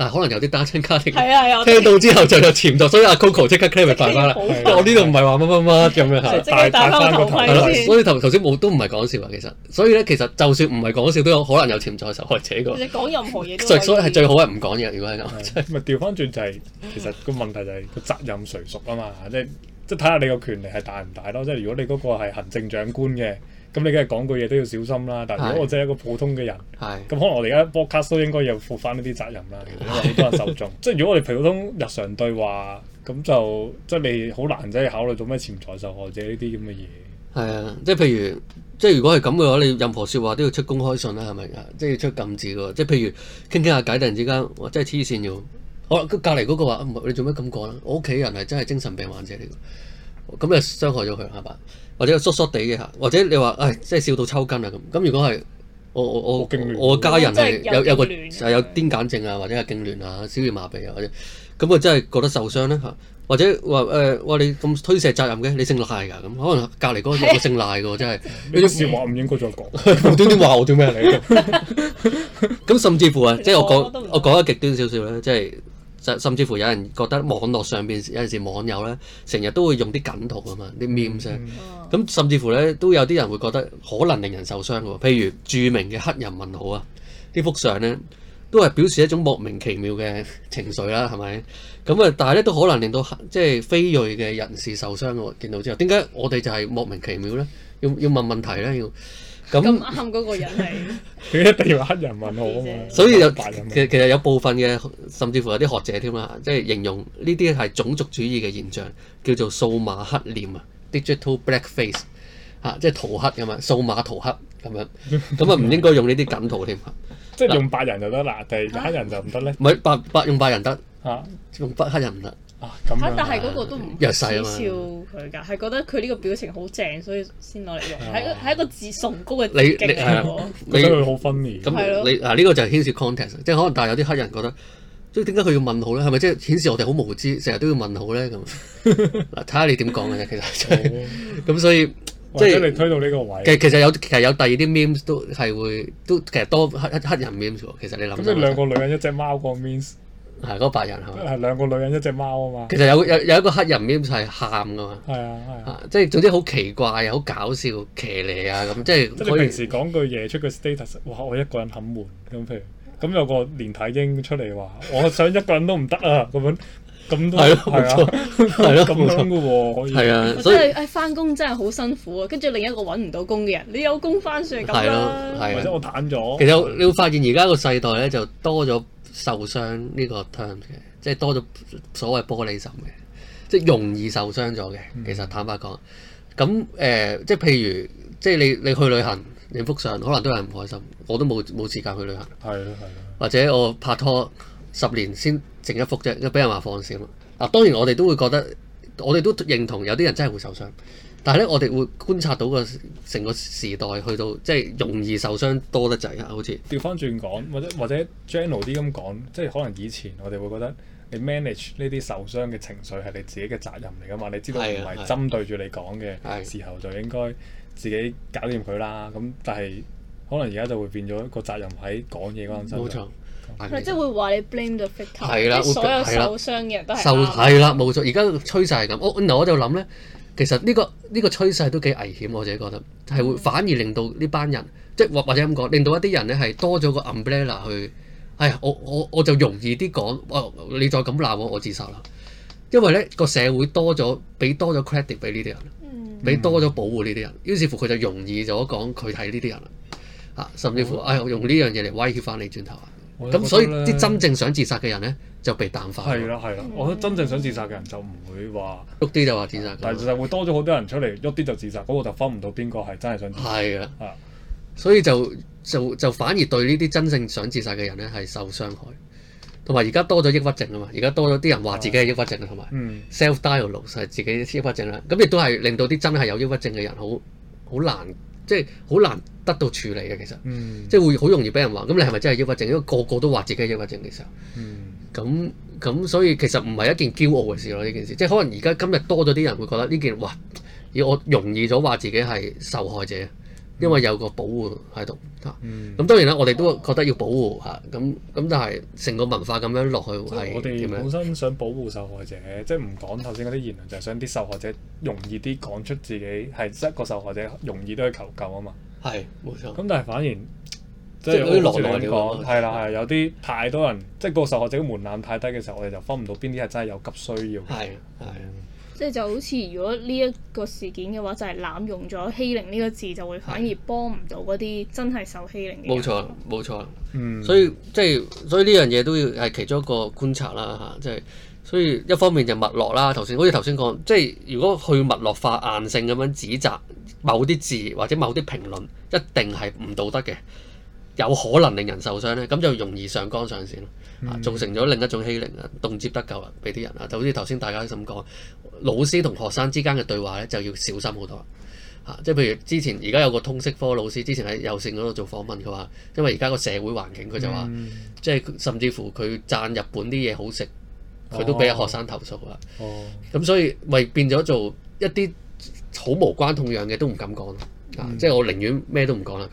但可能有啲單親家庭聽到之後就有潛在，所以阿 Coco 即刻 claim 係大翻啦。我呢度唔係話乜乜乜咁樣，所以頭頭先冇都唔係講笑啊。其實所以咧，其實就算唔係講笑，都有可能有潛在受害者嘅。你講任何嘢都 所以所以係最好係唔講嘢。如果係咁，即係咪調翻轉就係、是、其實個問題就係個責任誰屬啊嘛？即係即係睇下你個權利係大唔大咯。即、就、係、是、如果你嗰個係行政長官嘅。咁你梗係講句嘢都要小心啦。但如果我真係一個普通嘅人，咁的可能我哋而家播卡都應該有負翻呢啲責任啦。因為好多人受眾， 即係如果我哋普通日常對話，咁就即係你好難仔考慮到咩潛在受害者呢啲咁嘅嘢。係啊，即係譬如，即係如果係咁嘅話，你任何説話都要出公開信啦，係咪啊？即係要出禁止嘅。即係譬如傾傾下偈，突然之間，即真係黐線要好啦。隔離嗰個話你做咩咁講啦？我屋企人係真係精神病患者嚟㗎。咁啊，傷害咗佢係嘛？或者縮縮地嘅嚇，或者你話唉，即係笑到抽筋啊咁。咁如果係我我我我家人係有有，有個對 有癲癇症啊，或者係痙攣啊、小兒麻痹啊，或者咁啊，真係覺得受傷咧嚇。或者話誒，哇、呃！你咁推卸責任嘅，你姓賴㗎咁。可能隔離嗰個又姓賴㗎，真係、哎。呢啲笑話唔應該再講。無端端話我做咩你嘅？咁甚至乎啊，即係我講我講得極端少少咧，即係。甚至乎有人覺得網絡上邊有陣時網友呢，成日都會用啲梗圖啊嘛，啲面 e 咁甚至乎呢，都有啲人會覺得可能令人受傷嘅，譬如著名嘅黑人問號啊，呢幅相呢，都係表示一種莫名其妙嘅情緒啦，係咪？咁啊，但係咧都可能令到即係非裔嘅人士受傷嘅喎，見到之後點解我哋就係莫名其妙呢？要要問問題呢？要？咁啱嗰個人嚟，佢 一定要黑人問號啊嘛， 所以有白人其其實有部分嘅，甚至乎有啲學者添啦，即、就、係、是、形容呢啲係種族主義嘅現象，叫做數碼黑臉啊，Digital Blackface，嚇即係塗黑咁啊，數碼塗黑咁樣，咁啊唔應該用呢啲梗圖添，啊、 即係用白人就得啦，第黑人就唔得咧，唔係、啊、白白，白用白人得，嚇、啊、用白黑人唔得。嚇！但係嗰個都唔指笑佢㗎，係覺得佢呢個表情好正，所以先攞嚟用。係一個自崇高嘅你你係啊，所以佢好分離咁。你嗱呢個就係牽涉 context 即係可能，但係有啲黑人覺得，即係點解佢要問好咧？係咪即係顯示我哋好無知，成日都要問好咧？咁嗱，睇下你點講嘅啫。其實咁，所以或者你推到呢個位。其實有其實有第二啲 meme 都係會都其實多黑黑人 meme 喎。其實你諗即係兩個女人一隻貓個 meme。係嗰白人係咪？係兩個女人一隻貓啊嘛。其實有有有一個黑人咧，就係喊噶嘛。係啊係啊，即係總之好奇怪又好搞笑，騎呢啊咁，即係即係我平時講句嘢出個 status，哇！我一個人很悶咁，譬如咁有個連體嬰出嚟話，我想一個人都唔得啊咁樣，咁都係咯，係啊係咯，冇錯嘅可以係啊，所以誒翻工真係好辛苦啊！跟住另一個揾唔到工嘅人，你有工翻算係啦，或者我淡咗。其實你會發現而家個世代咧就多咗。受傷呢個 term 嘅，即係多咗所謂玻璃心嘅，即係容易受傷咗嘅。其實坦白講，咁誒、呃，即係譬如，即係你你去旅行，你幅相可能都有人唔開心，我都冇冇時間去旅行。係咯係咯，或者我拍拖十年先剩一幅啫，因為俾人話放閃啦。嗱，當然我哋都會覺得，我哋都認同有啲人真係會受傷。但係咧，我哋會觀察到個成個時代去到即係容易受傷多得滯啊！好似調返轉講，或者或者 general 啲咁講，即係可能以前我哋會覺得你 manage 呢啲受傷嘅情緒係你自己嘅責任嚟㗎嘛？你知道唔係針對住你講嘅時候，就應該自己搞掂佢啦。咁但係可能而家就會變咗個責任喺講嘢嗰陣。冇錯，即係會話你 blame the victim，即係所有受傷嘅人都係。係啦，冇錯。而家趨勢係咁。我嗱，我就諗咧。其實呢、呢個呢、呢個趨勢都幾危險，我自己覺得係會反而令到呢班人，即係或或者咁講，令到一啲人咧係多咗個 umbrella 去，係、哎、啊，我我我就容易啲講，我、哦、你再咁鬧我，我自殺啦。因為咧個社會多咗，俾多咗 credit 俾呢啲人，俾、嗯、多咗保護呢啲人，於是乎佢就容易咗講佢睇呢啲人啦，啊，甚至乎唉、哦哎、我用呢樣嘢嚟威脅翻你轉頭啊。咁所以啲真正想自殺嘅人咧。就被淡化。係啦，係啦，我覺得真正想自殺嘅人就唔會話喐啲就話自殺，的但係其實會多咗好多人出嚟喐啲就自殺，嗰、嗰個就分唔到邊個係真係想自殺。係啊的，的所以就就就反而對呢啲真正想自殺嘅人咧係受傷害，同埋而家多咗抑鬱症啊嘛，而家多咗啲人話自己係抑鬱症啊，同埋 self-diagnose 係自己抑鬱症啦，咁亦都係令到啲真係有抑鬱症嘅人好好難，即係好難得到處理嘅其實，嗯、即係會好容易俾人話，咁你係咪真係抑鬱症？因為個個，個都話自己係抑鬱症嘅時候。嗯咁咁，所以其實唔係一件驕傲嘅事咯，呢件事，即係可能而家今日多咗啲人會覺得呢件，哇，要我容易咗話自己係受害者，因為有個保護喺度。嚇、啊，咁當然啦，我哋都覺得要保護嚇，咁、啊、咁，但係成個文化咁樣落去係點樣？我哋本身想保護受害者，即係唔講頭先嗰啲言論，就係、是、想啲受害者容易啲講出自己係一個受害者，容易都去求救啊嘛。係，冇錯。咁但係反，反而。即係好似羅文講，係啦係，有啲太多人，即係個受害者嘅門檻太低嘅時候，我哋就分唔到邊啲係真係有急需要嘅。係係啊，的的即係就好似如果呢一個事件嘅話，就係濫用咗欺凌呢個字，就會反而幫唔到嗰啲真係受欺凌嘅。冇錯冇錯，錯嗯所、就是，所以即係所以呢樣嘢都要係其中一個觀察啦嚇。即係所以一方面就脈絡啦，頭先好似頭先講，即係、就是、如果去脈絡化硬性咁樣指責某啲字或者某啲評論，一定係唔道德嘅。有可能令人受傷咧，咁就容易上綱上線咯，嗯、造成咗另一種欺凌啊，動輒得咎啊，俾啲人啊，就好似頭先大家咁講，老師同學生之間嘅對話呢，就要小心好多嚇，即、啊、係譬如之前而家有個通識科老師，之前喺有線嗰度做訪問，佢話因為而家個社會環境，佢、嗯、就話即係甚至乎佢讚日本啲嘢好食，佢都俾學生投訴啦。咁、哦、所以為變咗做一啲好無關痛癢嘅都唔敢講咯，啊嗯、即係我寧願咩都唔講啦。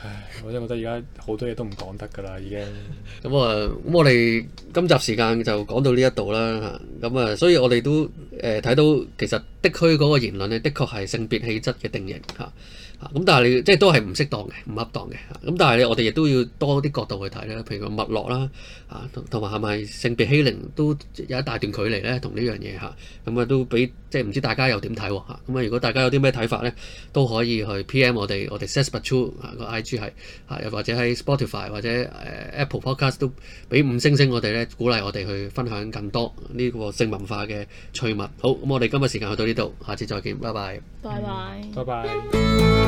唉，我真係覺得而家好多嘢都唔講得噶啦，已經、 嗯。咁、嗯、啊，咁我哋今集時間就講到呢一度啦。咁、嗯、啊，所以我哋都誒睇、呃、到，其實的區嗰個言論呢，的確係性別氣質嘅定型吓。嗯咁但係你即係都係唔適當嘅，唔恰當嘅。咁但係咧，我哋亦都要多啲角度去睇咧。譬如脈絡啦，啊，同埋係咪性別欺凌都有一大段距離咧，同呢樣嘢嚇咁啊，都俾即係唔知大家又點睇喎咁啊？如果大家有啲咩睇法咧，都可以去 PM 我哋，我哋 says but true 個 IG 係，又或者喺 Spotify 或者 Apple Podcast 都俾五星星我哋咧，鼓勵我哋去分享更多呢個性文化嘅趣物。好，咁我哋今日時間去到呢度，下次再見，拜拜，拜拜，嗯、拜拜。